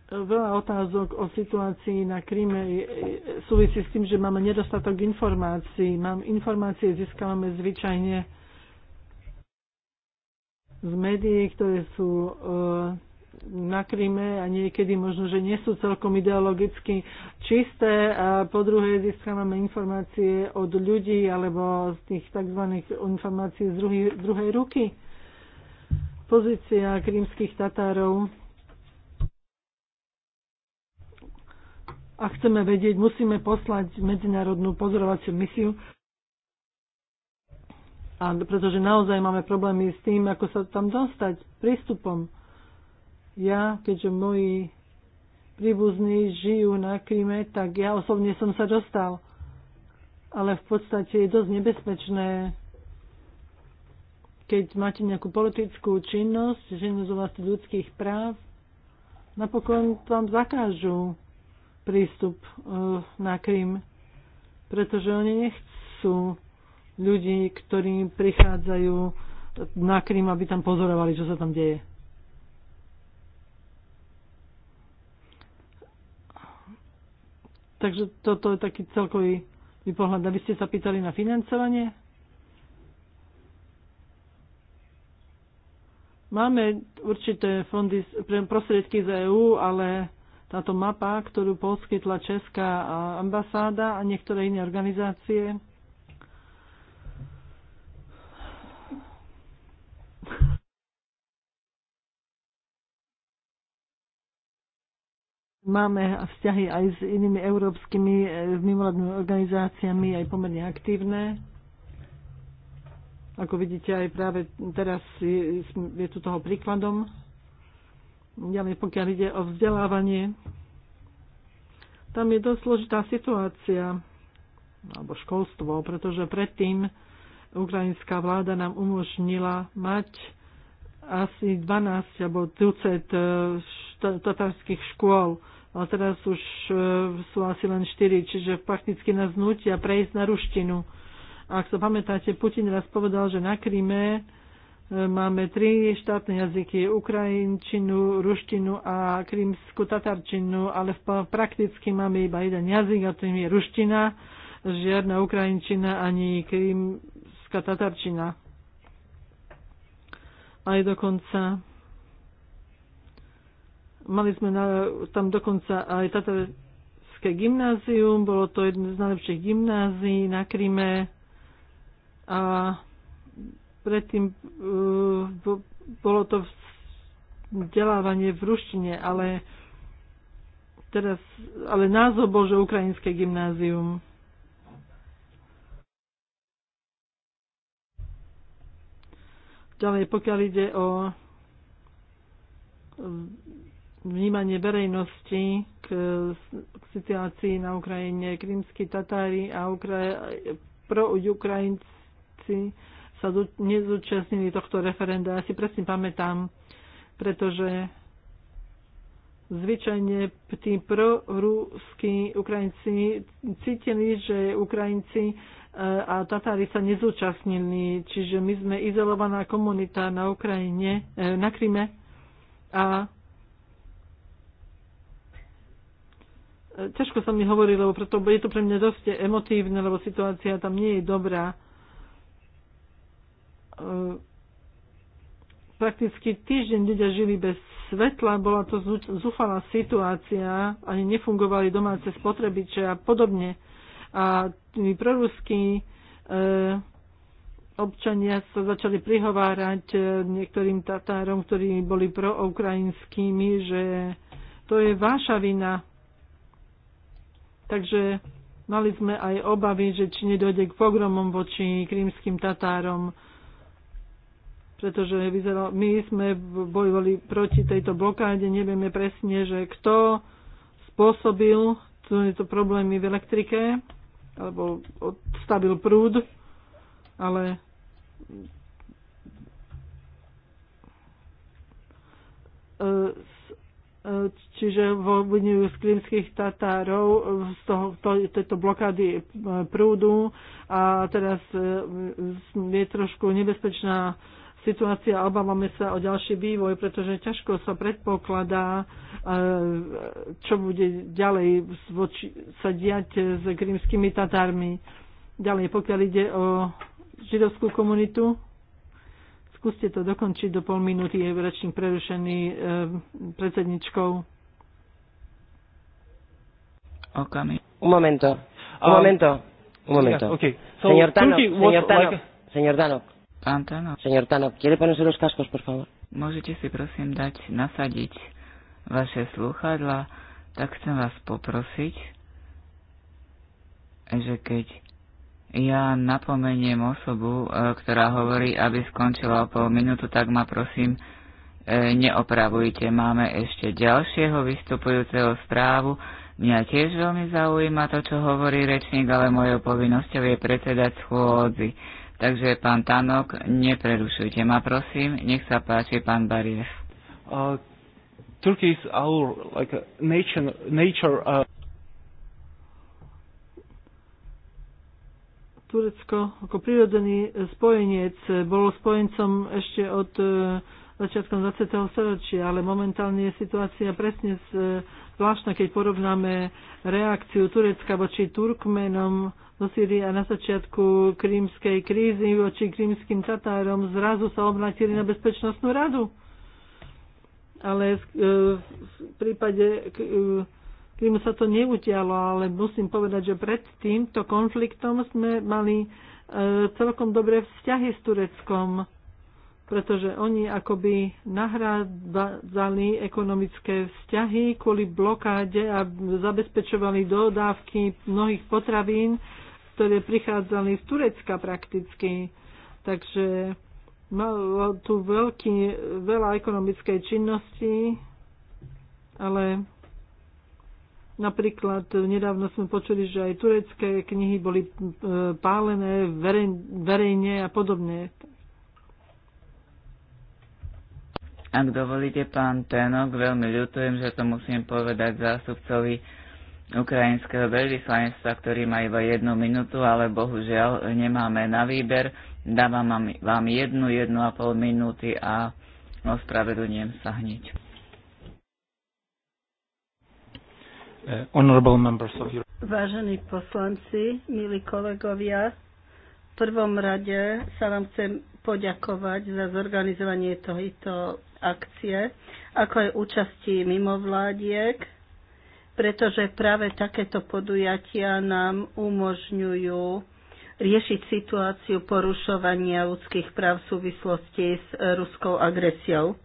Veľa otázok o situácii na Kríme súvisí s tým, že máme nedostatok informácií. Mám informácie získavame zvyčajne z médií, ktoré sú e, na Kryme a niekedy možno, že nie sú celkom ideologicky čisté. A po druhé získavame informácie od ľudí alebo z tých tzv. informácií z druhej, druhej ruky. Pozícia krímskych Tatárov. A chceme vedieť, musíme poslať medzinárodnú pozorovaciu misiu a pretože naozaj máme problémy s tým, ako sa tam dostať, prístupom. Ja, keďže moji príbuzní žijú na Kríme, tak ja osobne som sa dostal. Ale v podstate je dosť nebezpečné, keď máte nejakú politickú činnosť, činnosť z oblasti ľudských práv, napokon vám zakážu prístup eh, na Krym, pretože oni nechcú ľudí, ktorí prichádzajú na Krym, aby tam pozorovali, čo sa tam deje. Takže toto je taký celkový pohľad. Aby ste sa pýtali na financovanie? Máme určité fondy, pre prostriedky z EÚ, ale táto mapa, ktorú poskytla Česká ambasáda a niektoré iné organizácie, máme vzťahy aj s inými európskymi e, mimovládnymi organizáciami, aj pomerne aktívne. Ako vidíte, aj práve teraz je, je tu toho príkladom. mi pokiaľ ide o vzdelávanie, tam je dosť zložitá situácia, alebo školstvo, pretože predtým ukrajinská vláda nám umožnila mať asi 12 alebo 20 e, tatarských škôl a teraz už e, sú asi len 4, čiže fakticky nás nutia prejsť na ruštinu. Ak sa pamätáte, Putin raz povedal, že na Kríme e, máme tri štátne jazyky, ukrajinčinu, ruštinu a krímsku tatarčinu, ale v, prakticky máme iba jeden jazyk a tým je ruština, žiadna ukrajinčina ani krímska tatarčina. Aj dokonca Mali sme na, tam dokonca aj tatarské gymnázium, bolo to jedno z najlepších gymnázií na Kryme a predtým uh, bolo to vzdelávanie v ruštine, ale teraz, ale názov bol, že ukrajinské gymnázium. Ďalej, pokiaľ ide o vnímanie verejnosti k, k situácii na Ukrajine. Krímsky Tatári a Ukra- Ukrajinci sa nezúčastnili tohto referenda. Ja si presne pamätám, pretože zvyčajne tí proruskí Ukrajinci cítili, že Ukrajinci e, a Tatári sa nezúčastnili, čiže my sme izolovaná komunita na Ukrajine, e, na Kryme a ťažko sa mi hovorí, lebo preto je to pre mňa dosť emotívne, lebo situácia tam nie je dobrá. E, prakticky týždeň ľudia žili bez svetla, bola to zúfalá situácia, ani nefungovali domáce spotrebiče a podobne. A tí proruskí e, občania sa začali prihovárať e, niektorým Tatárom, ktorí boli proukrajinskými, že to je váša vina, Takže mali sme aj obavy, že či nedojde k pogromom voči krímským Tatárom, pretože vyzeralo, my sme bojovali proti tejto blokáde, nevieme presne, že kto spôsobil tieto problémy v elektrike, alebo odstavil prúd, ale čiže vo obvinili z krímskych Tatárov z toho, to, tejto blokády e, prúdu a teraz e, je trošku nebezpečná situácia, obávame sa o ďalší vývoj, pretože ťažko sa predpokladá, e, čo bude ďalej sa diať s krímskymi Tatármi. Ďalej, pokiaľ ide o židovskú komunitu, Skúste to dokončiť do pol minúty, je vračník prerušený e, predsedničkou. Okami. Un momento. Un um, momento. Un momento. señor Tanok, señor Tanok,
señor Tanok. Pán Tanok. Señor Tanok, ¿quiere ponerse los cascos, por favor? Môžete si prosím dať nasadiť vaše slúchadla, tak chcem vás poprosiť, že keď ja napomeniem osobu, e, ktorá hovorí, aby skončila o pol minútu, tak ma prosím e, neopravujte. Máme ešte ďalšieho vystupujúceho správu. Mňa tiež veľmi zaujíma to, čo hovorí rečník, ale mojou povinnosťou je predsedať schôdzi. Takže, pán Tanok, neprerušujte ma, prosím. Nech sa páči, pán
Bariev. Uh, Turkey is our like, nature, nature uh... Turecko
ako prirodzený spojenec bolo spojencom ešte od e, začiatkom 20. storočia, ale momentálne je situácia presne e, zvláštna, keď porovnáme reakciu Turecka voči Turkmenom do Sýrie a na začiatku krímskej krízy voči krímským Tatárom zrazu sa obnatili na Bezpečnostnú radu. Ale v e, prípade kým sa to neudialo, ale musím povedať, že pred týmto konfliktom sme mali e, celkom dobré vzťahy s Tureckom, pretože oni akoby nahrádzali ekonomické vzťahy kvôli blokáde a zabezpečovali dodávky mnohých potravín, ktoré prichádzali z Turecka prakticky. Takže malo tu veľký, veľa ekonomickej činnosti, ale Napríklad nedávno sme počuli, že aj turecké knihy boli e, pálené verejne a podobne.
Ak dovolíte, pán Tenok, veľmi ľutujem, že to musím povedať zástupcovi ukrajinského veľvyslanectva, ktorý má iba jednu minútu, ale bohužiaľ nemáme na výber. Dávam vám jednu, jednu a pol minúty a ospravedlňujem sa hneď. Uh,
Vážení poslanci, milí kolegovia, v prvom rade sa vám chcem poďakovať za zorganizovanie tohto akcie, ako aj účasti mimovládiek, pretože práve takéto podujatia nám umožňujú riešiť situáciu porušovania ľudských práv v súvislosti s ruskou agresiou.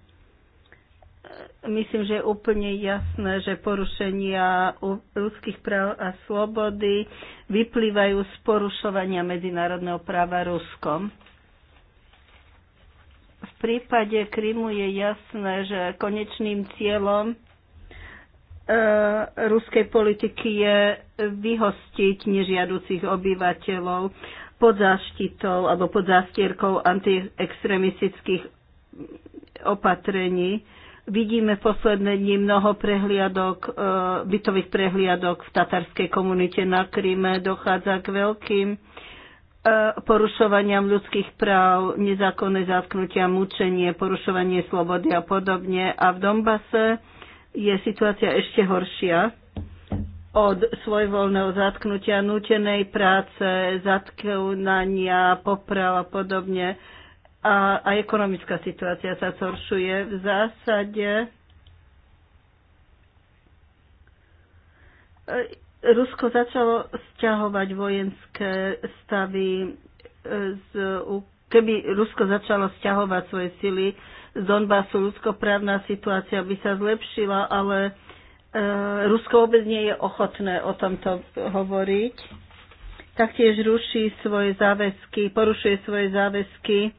Myslím, že je úplne jasné, že porušenia ľudských práv a slobody vyplývajú z porušovania medzinárodného práva Ruskom. V prípade Krymu je jasné, že konečným cieľom e, ruskej politiky je vyhostiť nežiaducich obyvateľov pod záštitou alebo pod zástierkou antiextremistických opatrení. E, Vidíme v posledné dni mnoho prehliadok, e, bytových prehliadok v tatarskej komunite na Kryme. Dochádza k veľkým e, porušovaniam ľudských práv, nezákonné zatknutia, mučenie, porušovanie slobody a podobne. A v Dombase je situácia ešte horšia od svojvoľného zatknutia, nútenej práce, zatknania, poprav a podobne a a ekonomická situácia sa zhoršuje. V zásade e, Rusko začalo sťahovať vojenské stavy e, z Keby Rusko začalo stiahovať svoje sily z Donbasu, ľudskoprávna situácia by sa zlepšila, ale e, Rusko vôbec nie je ochotné o tomto hovoriť. Taktiež ruší svoje záväzky, porušuje svoje záväzky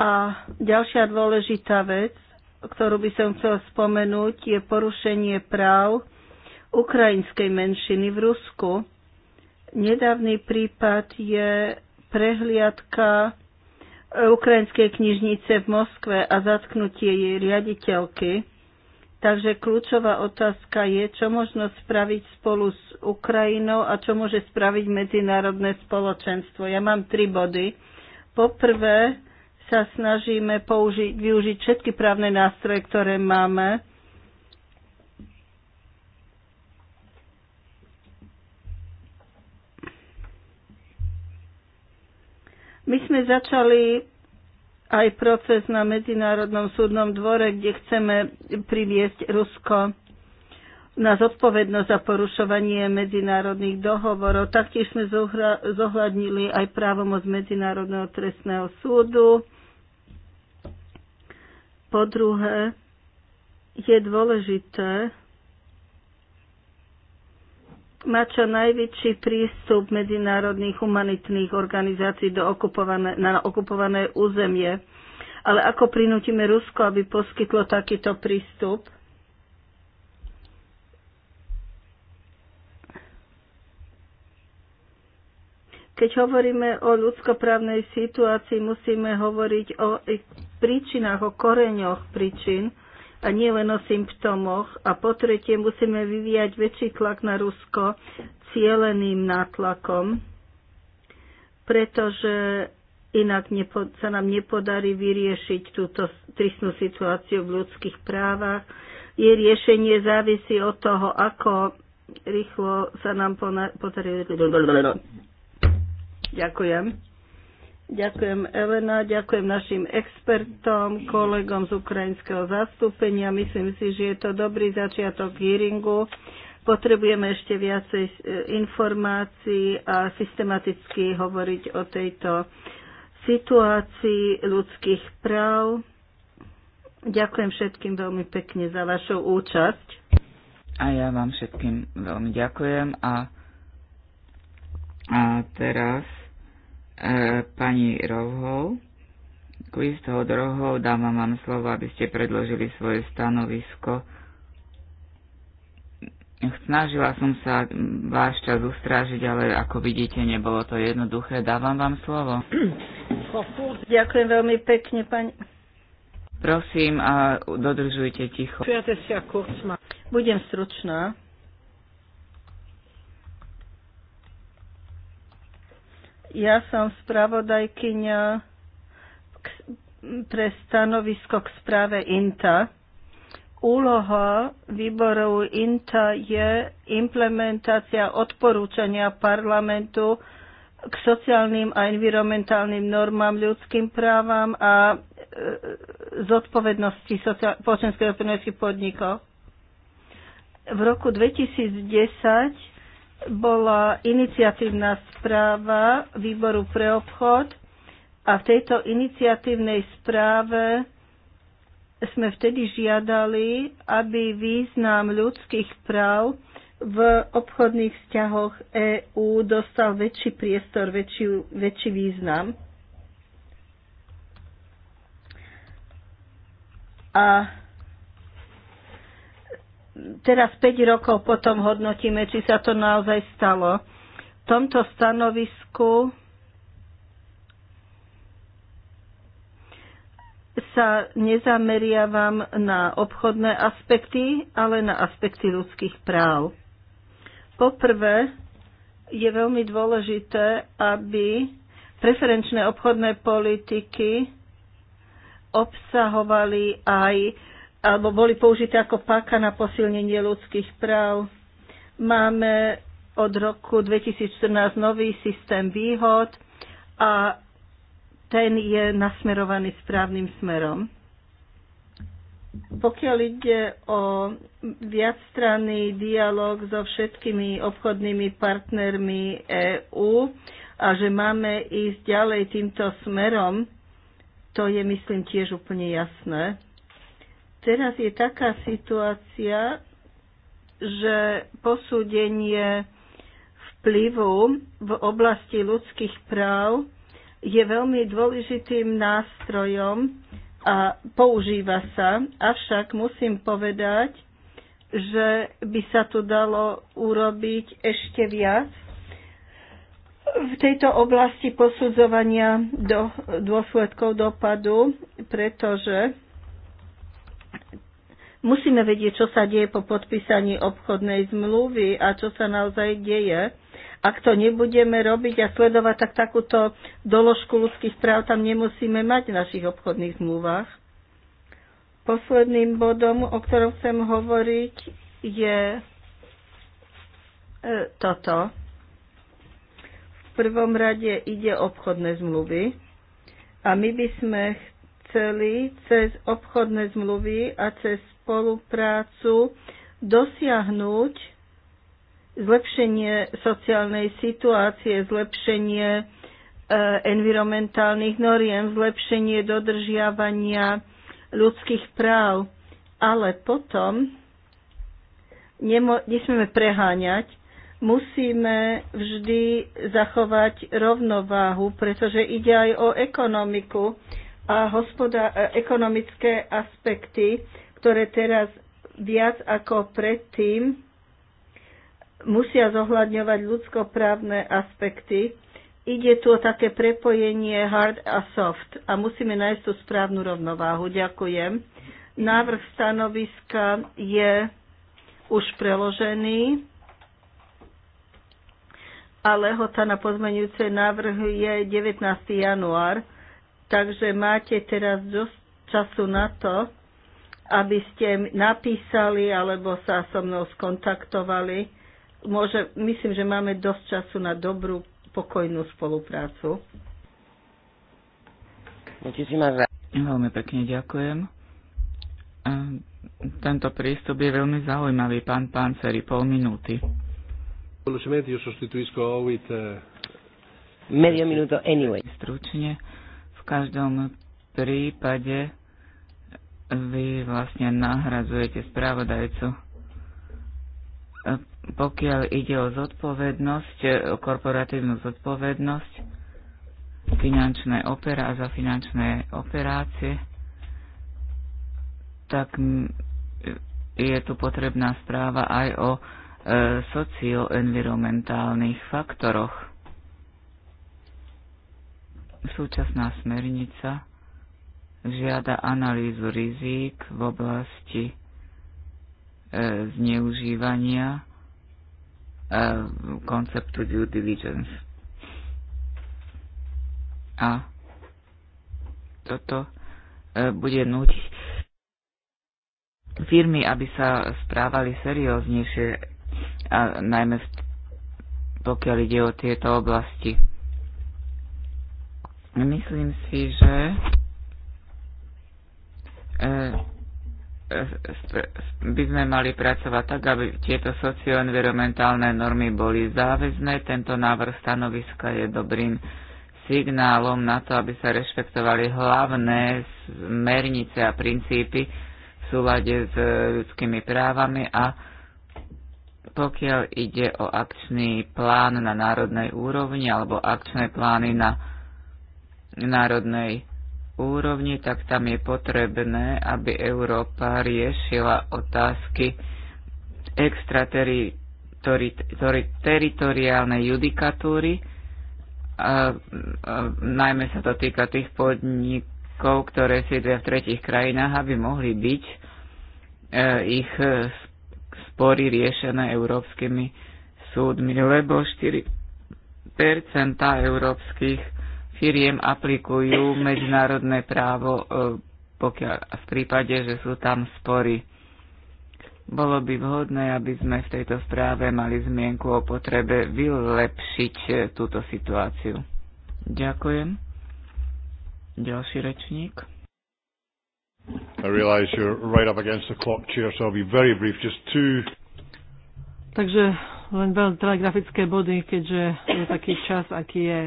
a ďalšia dôležitá vec, ktorú by som chcel spomenúť, je porušenie práv ukrajinskej menšiny v Rusku. Nedávny prípad je prehliadka ukrajinskej knižnice v Moskve a zatknutie jej riaditeľky. Takže kľúčová otázka je, čo možno spraviť spolu s Ukrajinou a čo môže spraviť medzinárodné spoločenstvo. Ja mám tri body. Poprvé, sa snažíme použiť, využiť všetky právne nástroje, ktoré máme. My sme začali aj proces na Medzinárodnom súdnom dvore, kde chceme priviesť Rusko na zodpovednosť za porušovanie medzinárodných dohovorov. Taktiež sme zohľadnili aj právomoc Medzinárodného trestného súdu. Po druhé, je dôležité mať čo najväčší prístup medzinárodných humanitných organizácií do okupované, na okupované územie. Ale ako prinútime Rusko, aby poskytlo takýto prístup? Keď hovoríme o ľudskoprávnej situácii, musíme hovoriť o ich príčinách, o koreňoch príčin a nie len o symptómoch. A po tretie, musíme vyvíjať väčší tlak na Rusko cieleným nátlakom, pretože inak nepo, sa nám nepodarí vyriešiť túto tristnú situáciu v ľudských právach. Jej riešenie závisí od toho, ako rýchlo sa nám podarí Ďakujem. Ďakujem Elena, ďakujem našim expertom, kolegom z ukrajinského zastúpenia. Myslím si, že je to dobrý začiatok hearingu. Potrebujeme ešte viacej eh, informácií a systematicky hovoriť o tejto situácii ľudských práv. Ďakujem všetkým veľmi pekne za vašu účasť.
A ja vám všetkým veľmi ďakujem a, a teraz e, pani Rovhov. toho Hodorhov, dávam vám slovo, aby ste predložili svoje stanovisko. Snažila som sa váš čas ustrážiť, ale ako vidíte, nebolo to jednoduché. Dávam vám slovo.
Ďakujem veľmi pekne, pani.
Prosím, a dodržujte ticho.
Budem stručná. Ja som spravodajkyňa pre stanovisko k správe INTA. Úloha výboru INTA je implementácia odporúčania parlamentu k sociálnym a environmentálnym normám, ľudským právam a e, zodpovednosti spoločenskej odpovednosti podnikov. V roku 2010 bola iniciatívna správa výboru pre obchod a v tejto iniciatívnej správe sme vtedy žiadali, aby význam ľudských práv v obchodných vzťahoch EÚ dostal väčší priestor, väčší, väčší význam. A teraz 5 rokov potom hodnotíme, či sa to naozaj stalo. V tomto stanovisku sa nezameriavam na obchodné aspekty, ale na aspekty ľudských práv. Poprvé, je veľmi dôležité, aby preferenčné obchodné politiky obsahovali aj alebo boli použité ako páka na posilnenie ľudských práv. Máme od roku 2014 nový systém výhod a ten je nasmerovaný správnym smerom. Pokiaľ ide o viacstranný dialog so všetkými obchodnými partnermi EÚ a že máme ísť ďalej týmto smerom, to je, myslím, tiež úplne jasné. Teraz je taká situácia, že posúdenie vplyvu v oblasti ľudských práv je veľmi dôležitým nástrojom a používa sa, avšak musím povedať, že by sa tu dalo urobiť ešte viac v tejto oblasti posudzovania do, dôsledkov dopadu, pretože Musíme vedieť, čo sa deje po podpísaní obchodnej zmluvy a čo sa naozaj deje. Ak to nebudeme robiť a sledovať, tak takúto doložku ľudských práv tam nemusíme mať v našich obchodných zmluvách. Posledným bodom, o ktorom chcem hovoriť, je e, toto. V prvom rade ide obchodné zmluvy a my by sme chceli cez obchodné zmluvy a cez spoluprácu dosiahnuť zlepšenie sociálnej situácie, zlepšenie e, environmentálnych noriem, zlepšenie dodržiavania ľudských práv. Ale potom nesmieme preháňať, musíme vždy zachovať rovnováhu, pretože ide aj o ekonomiku a hospodá- e, ekonomické aspekty ktoré teraz viac ako predtým musia zohľadňovať ľudskoprávne aspekty. Ide tu o také prepojenie hard a soft a musíme nájsť tú správnu rovnováhu. Ďakujem. Návrh stanoviska je už preložený a lehota na pozmenujúce návrh je 19. január, takže máte teraz dosť času na to, aby ste napísali alebo sa so mnou skontaktovali. Môže, myslím, že máme dosť času na dobrú, pokojnú spoluprácu.
Veľmi pekne ďakujem. E, tento prístup je veľmi zaujímavý, pán Panceri, pol minúty. Eh.
Medio minuto anyway.
Stručne, v každom prípade vy vlastne nahradzujete správodajcu. Pokiaľ ide o zodpovednosť, e, o korporatívnu zodpovednosť, finančné opera za finančné operácie, tak je tu potrebná správa aj o e, socioenvironmentálnych faktoroch. Súčasná smernica žiada analýzu rizík v oblasti e, zneužívania e, konceptu due diligence. A toto e, bude nútiť firmy, aby sa správali serióznejšie, a najmä pokiaľ ide o tieto oblasti. Myslím si, že E, e, e, by sme mali pracovať tak, aby tieto socioenvironmentálne normy boli záväzné. Tento návrh stanoviska je dobrým signálom na to, aby sa rešpektovali hlavné smernice a princípy v súlade s ľudskými právami a pokiaľ ide o akčný plán na národnej úrovni alebo akčné plány na národnej úrovni, úrovni, tak tam je potrebné, aby Európa riešila otázky extrateritoriálnej judikatúry. A, a, najmä sa to týka tých podnikov, ktoré sídlia v tretich krajinách, aby mohli byť e, ich spory riešené európskymi súdmi, lebo 4 európskych firiem aplikujú medzinárodné právo, e, pokiaľ v prípade, že sú tam spory. Bolo by vhodné, aby sme v tejto správe mali zmienku o potrebe vylepšiť e, túto situáciu. Ďakujem. Ďalší rečník.
Takže len veľmi telegrafické body, keďže je taký čas, aký je.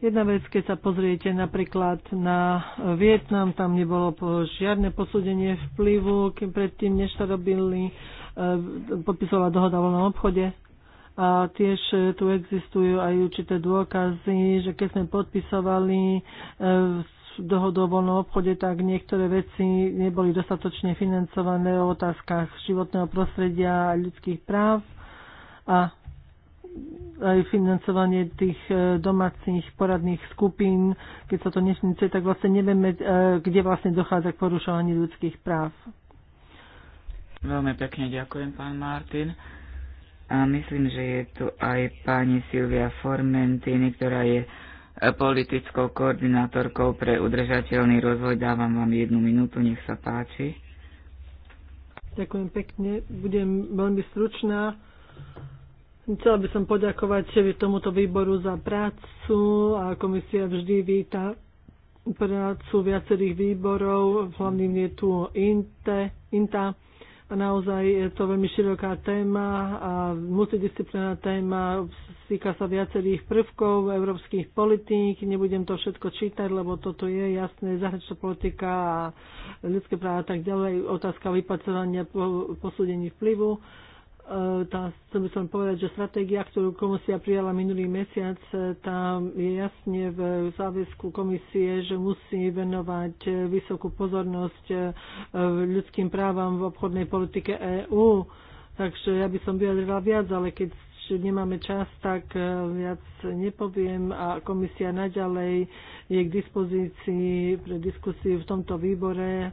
Jedna vec, keď sa pozriete napríklad na Vietnam, tam nebolo po žiadne posúdenie vplyvu kým predtým, než sa robili, e, podpisovala dohoda o voľnom obchode. A tiež e, tu existujú aj určité dôkazy, že keď sme podpisovali e, dohodu o voľnom obchode, tak niektoré veci neboli dostatočne financované o otázkach životného prostredia a ľudských práv. A aj financovanie tých e, domácich poradných skupín, keď sa to nesnice, tak vlastne nevieme, e, kde vlastne dochádza k porušovaní ľudských práv.
Veľmi pekne ďakujem, pán Martin. A myslím, že je tu aj pani Silvia Formentini, ktorá je e, politickou koordinátorkou pre udržateľný rozvoj. Dávam vám jednu minútu, nech sa páči.
Ďakujem pekne. Budem veľmi stručná. Chcela by som poďakovať tomuto výboru za prácu a komisia vždy víta prácu viacerých výborov, hlavným je tu INTE, INTA a naozaj je to veľmi široká téma a multidisciplinárna téma, týka sa viacerých prvkov európskych politík, nebudem to všetko čítať, lebo toto je jasné, zahraničná politika a ľudské práva a tak ďalej, otázka vypracovania posúdení vplyvu E, tá, chcel by som povedať, že stratégia, ktorú komisia prijala minulý mesiac, e, tá je jasne v záväzku komisie, že musí venovať e, vysokú pozornosť ľudským právam v obchodnej politike EÚ. Takže ja by som vyjadrila viac, ale keď nemáme čas, tak viac nepoviem a komisia naďalej je k dispozícii pre diskusiu v tomto výbore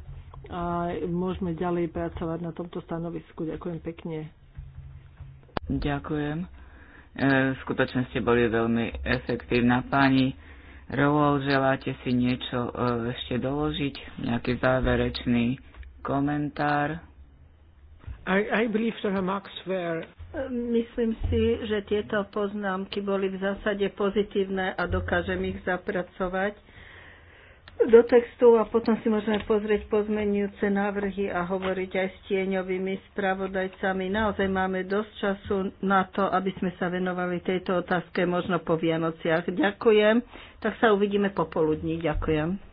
a môžeme ďalej pracovať na tomto stanovisku. Ďakujem pekne.
Ďakujem. E, skutočne ste boli veľmi efektívna. Pani Rowell, želáte si niečo e, ešte doložiť? Nejaký záverečný komentár?
I, I believe the remarks were... E, myslím si, že tieto poznámky boli v zásade pozitívne a dokážem ich zapracovať do textu a potom si môžeme pozrieť pozmenujúce návrhy a hovoriť aj s tieňovými spravodajcami. Naozaj máme dosť času na to, aby sme sa venovali tejto otázke možno po Vianociach. Ďakujem. Tak sa uvidíme popoludní. Ďakujem.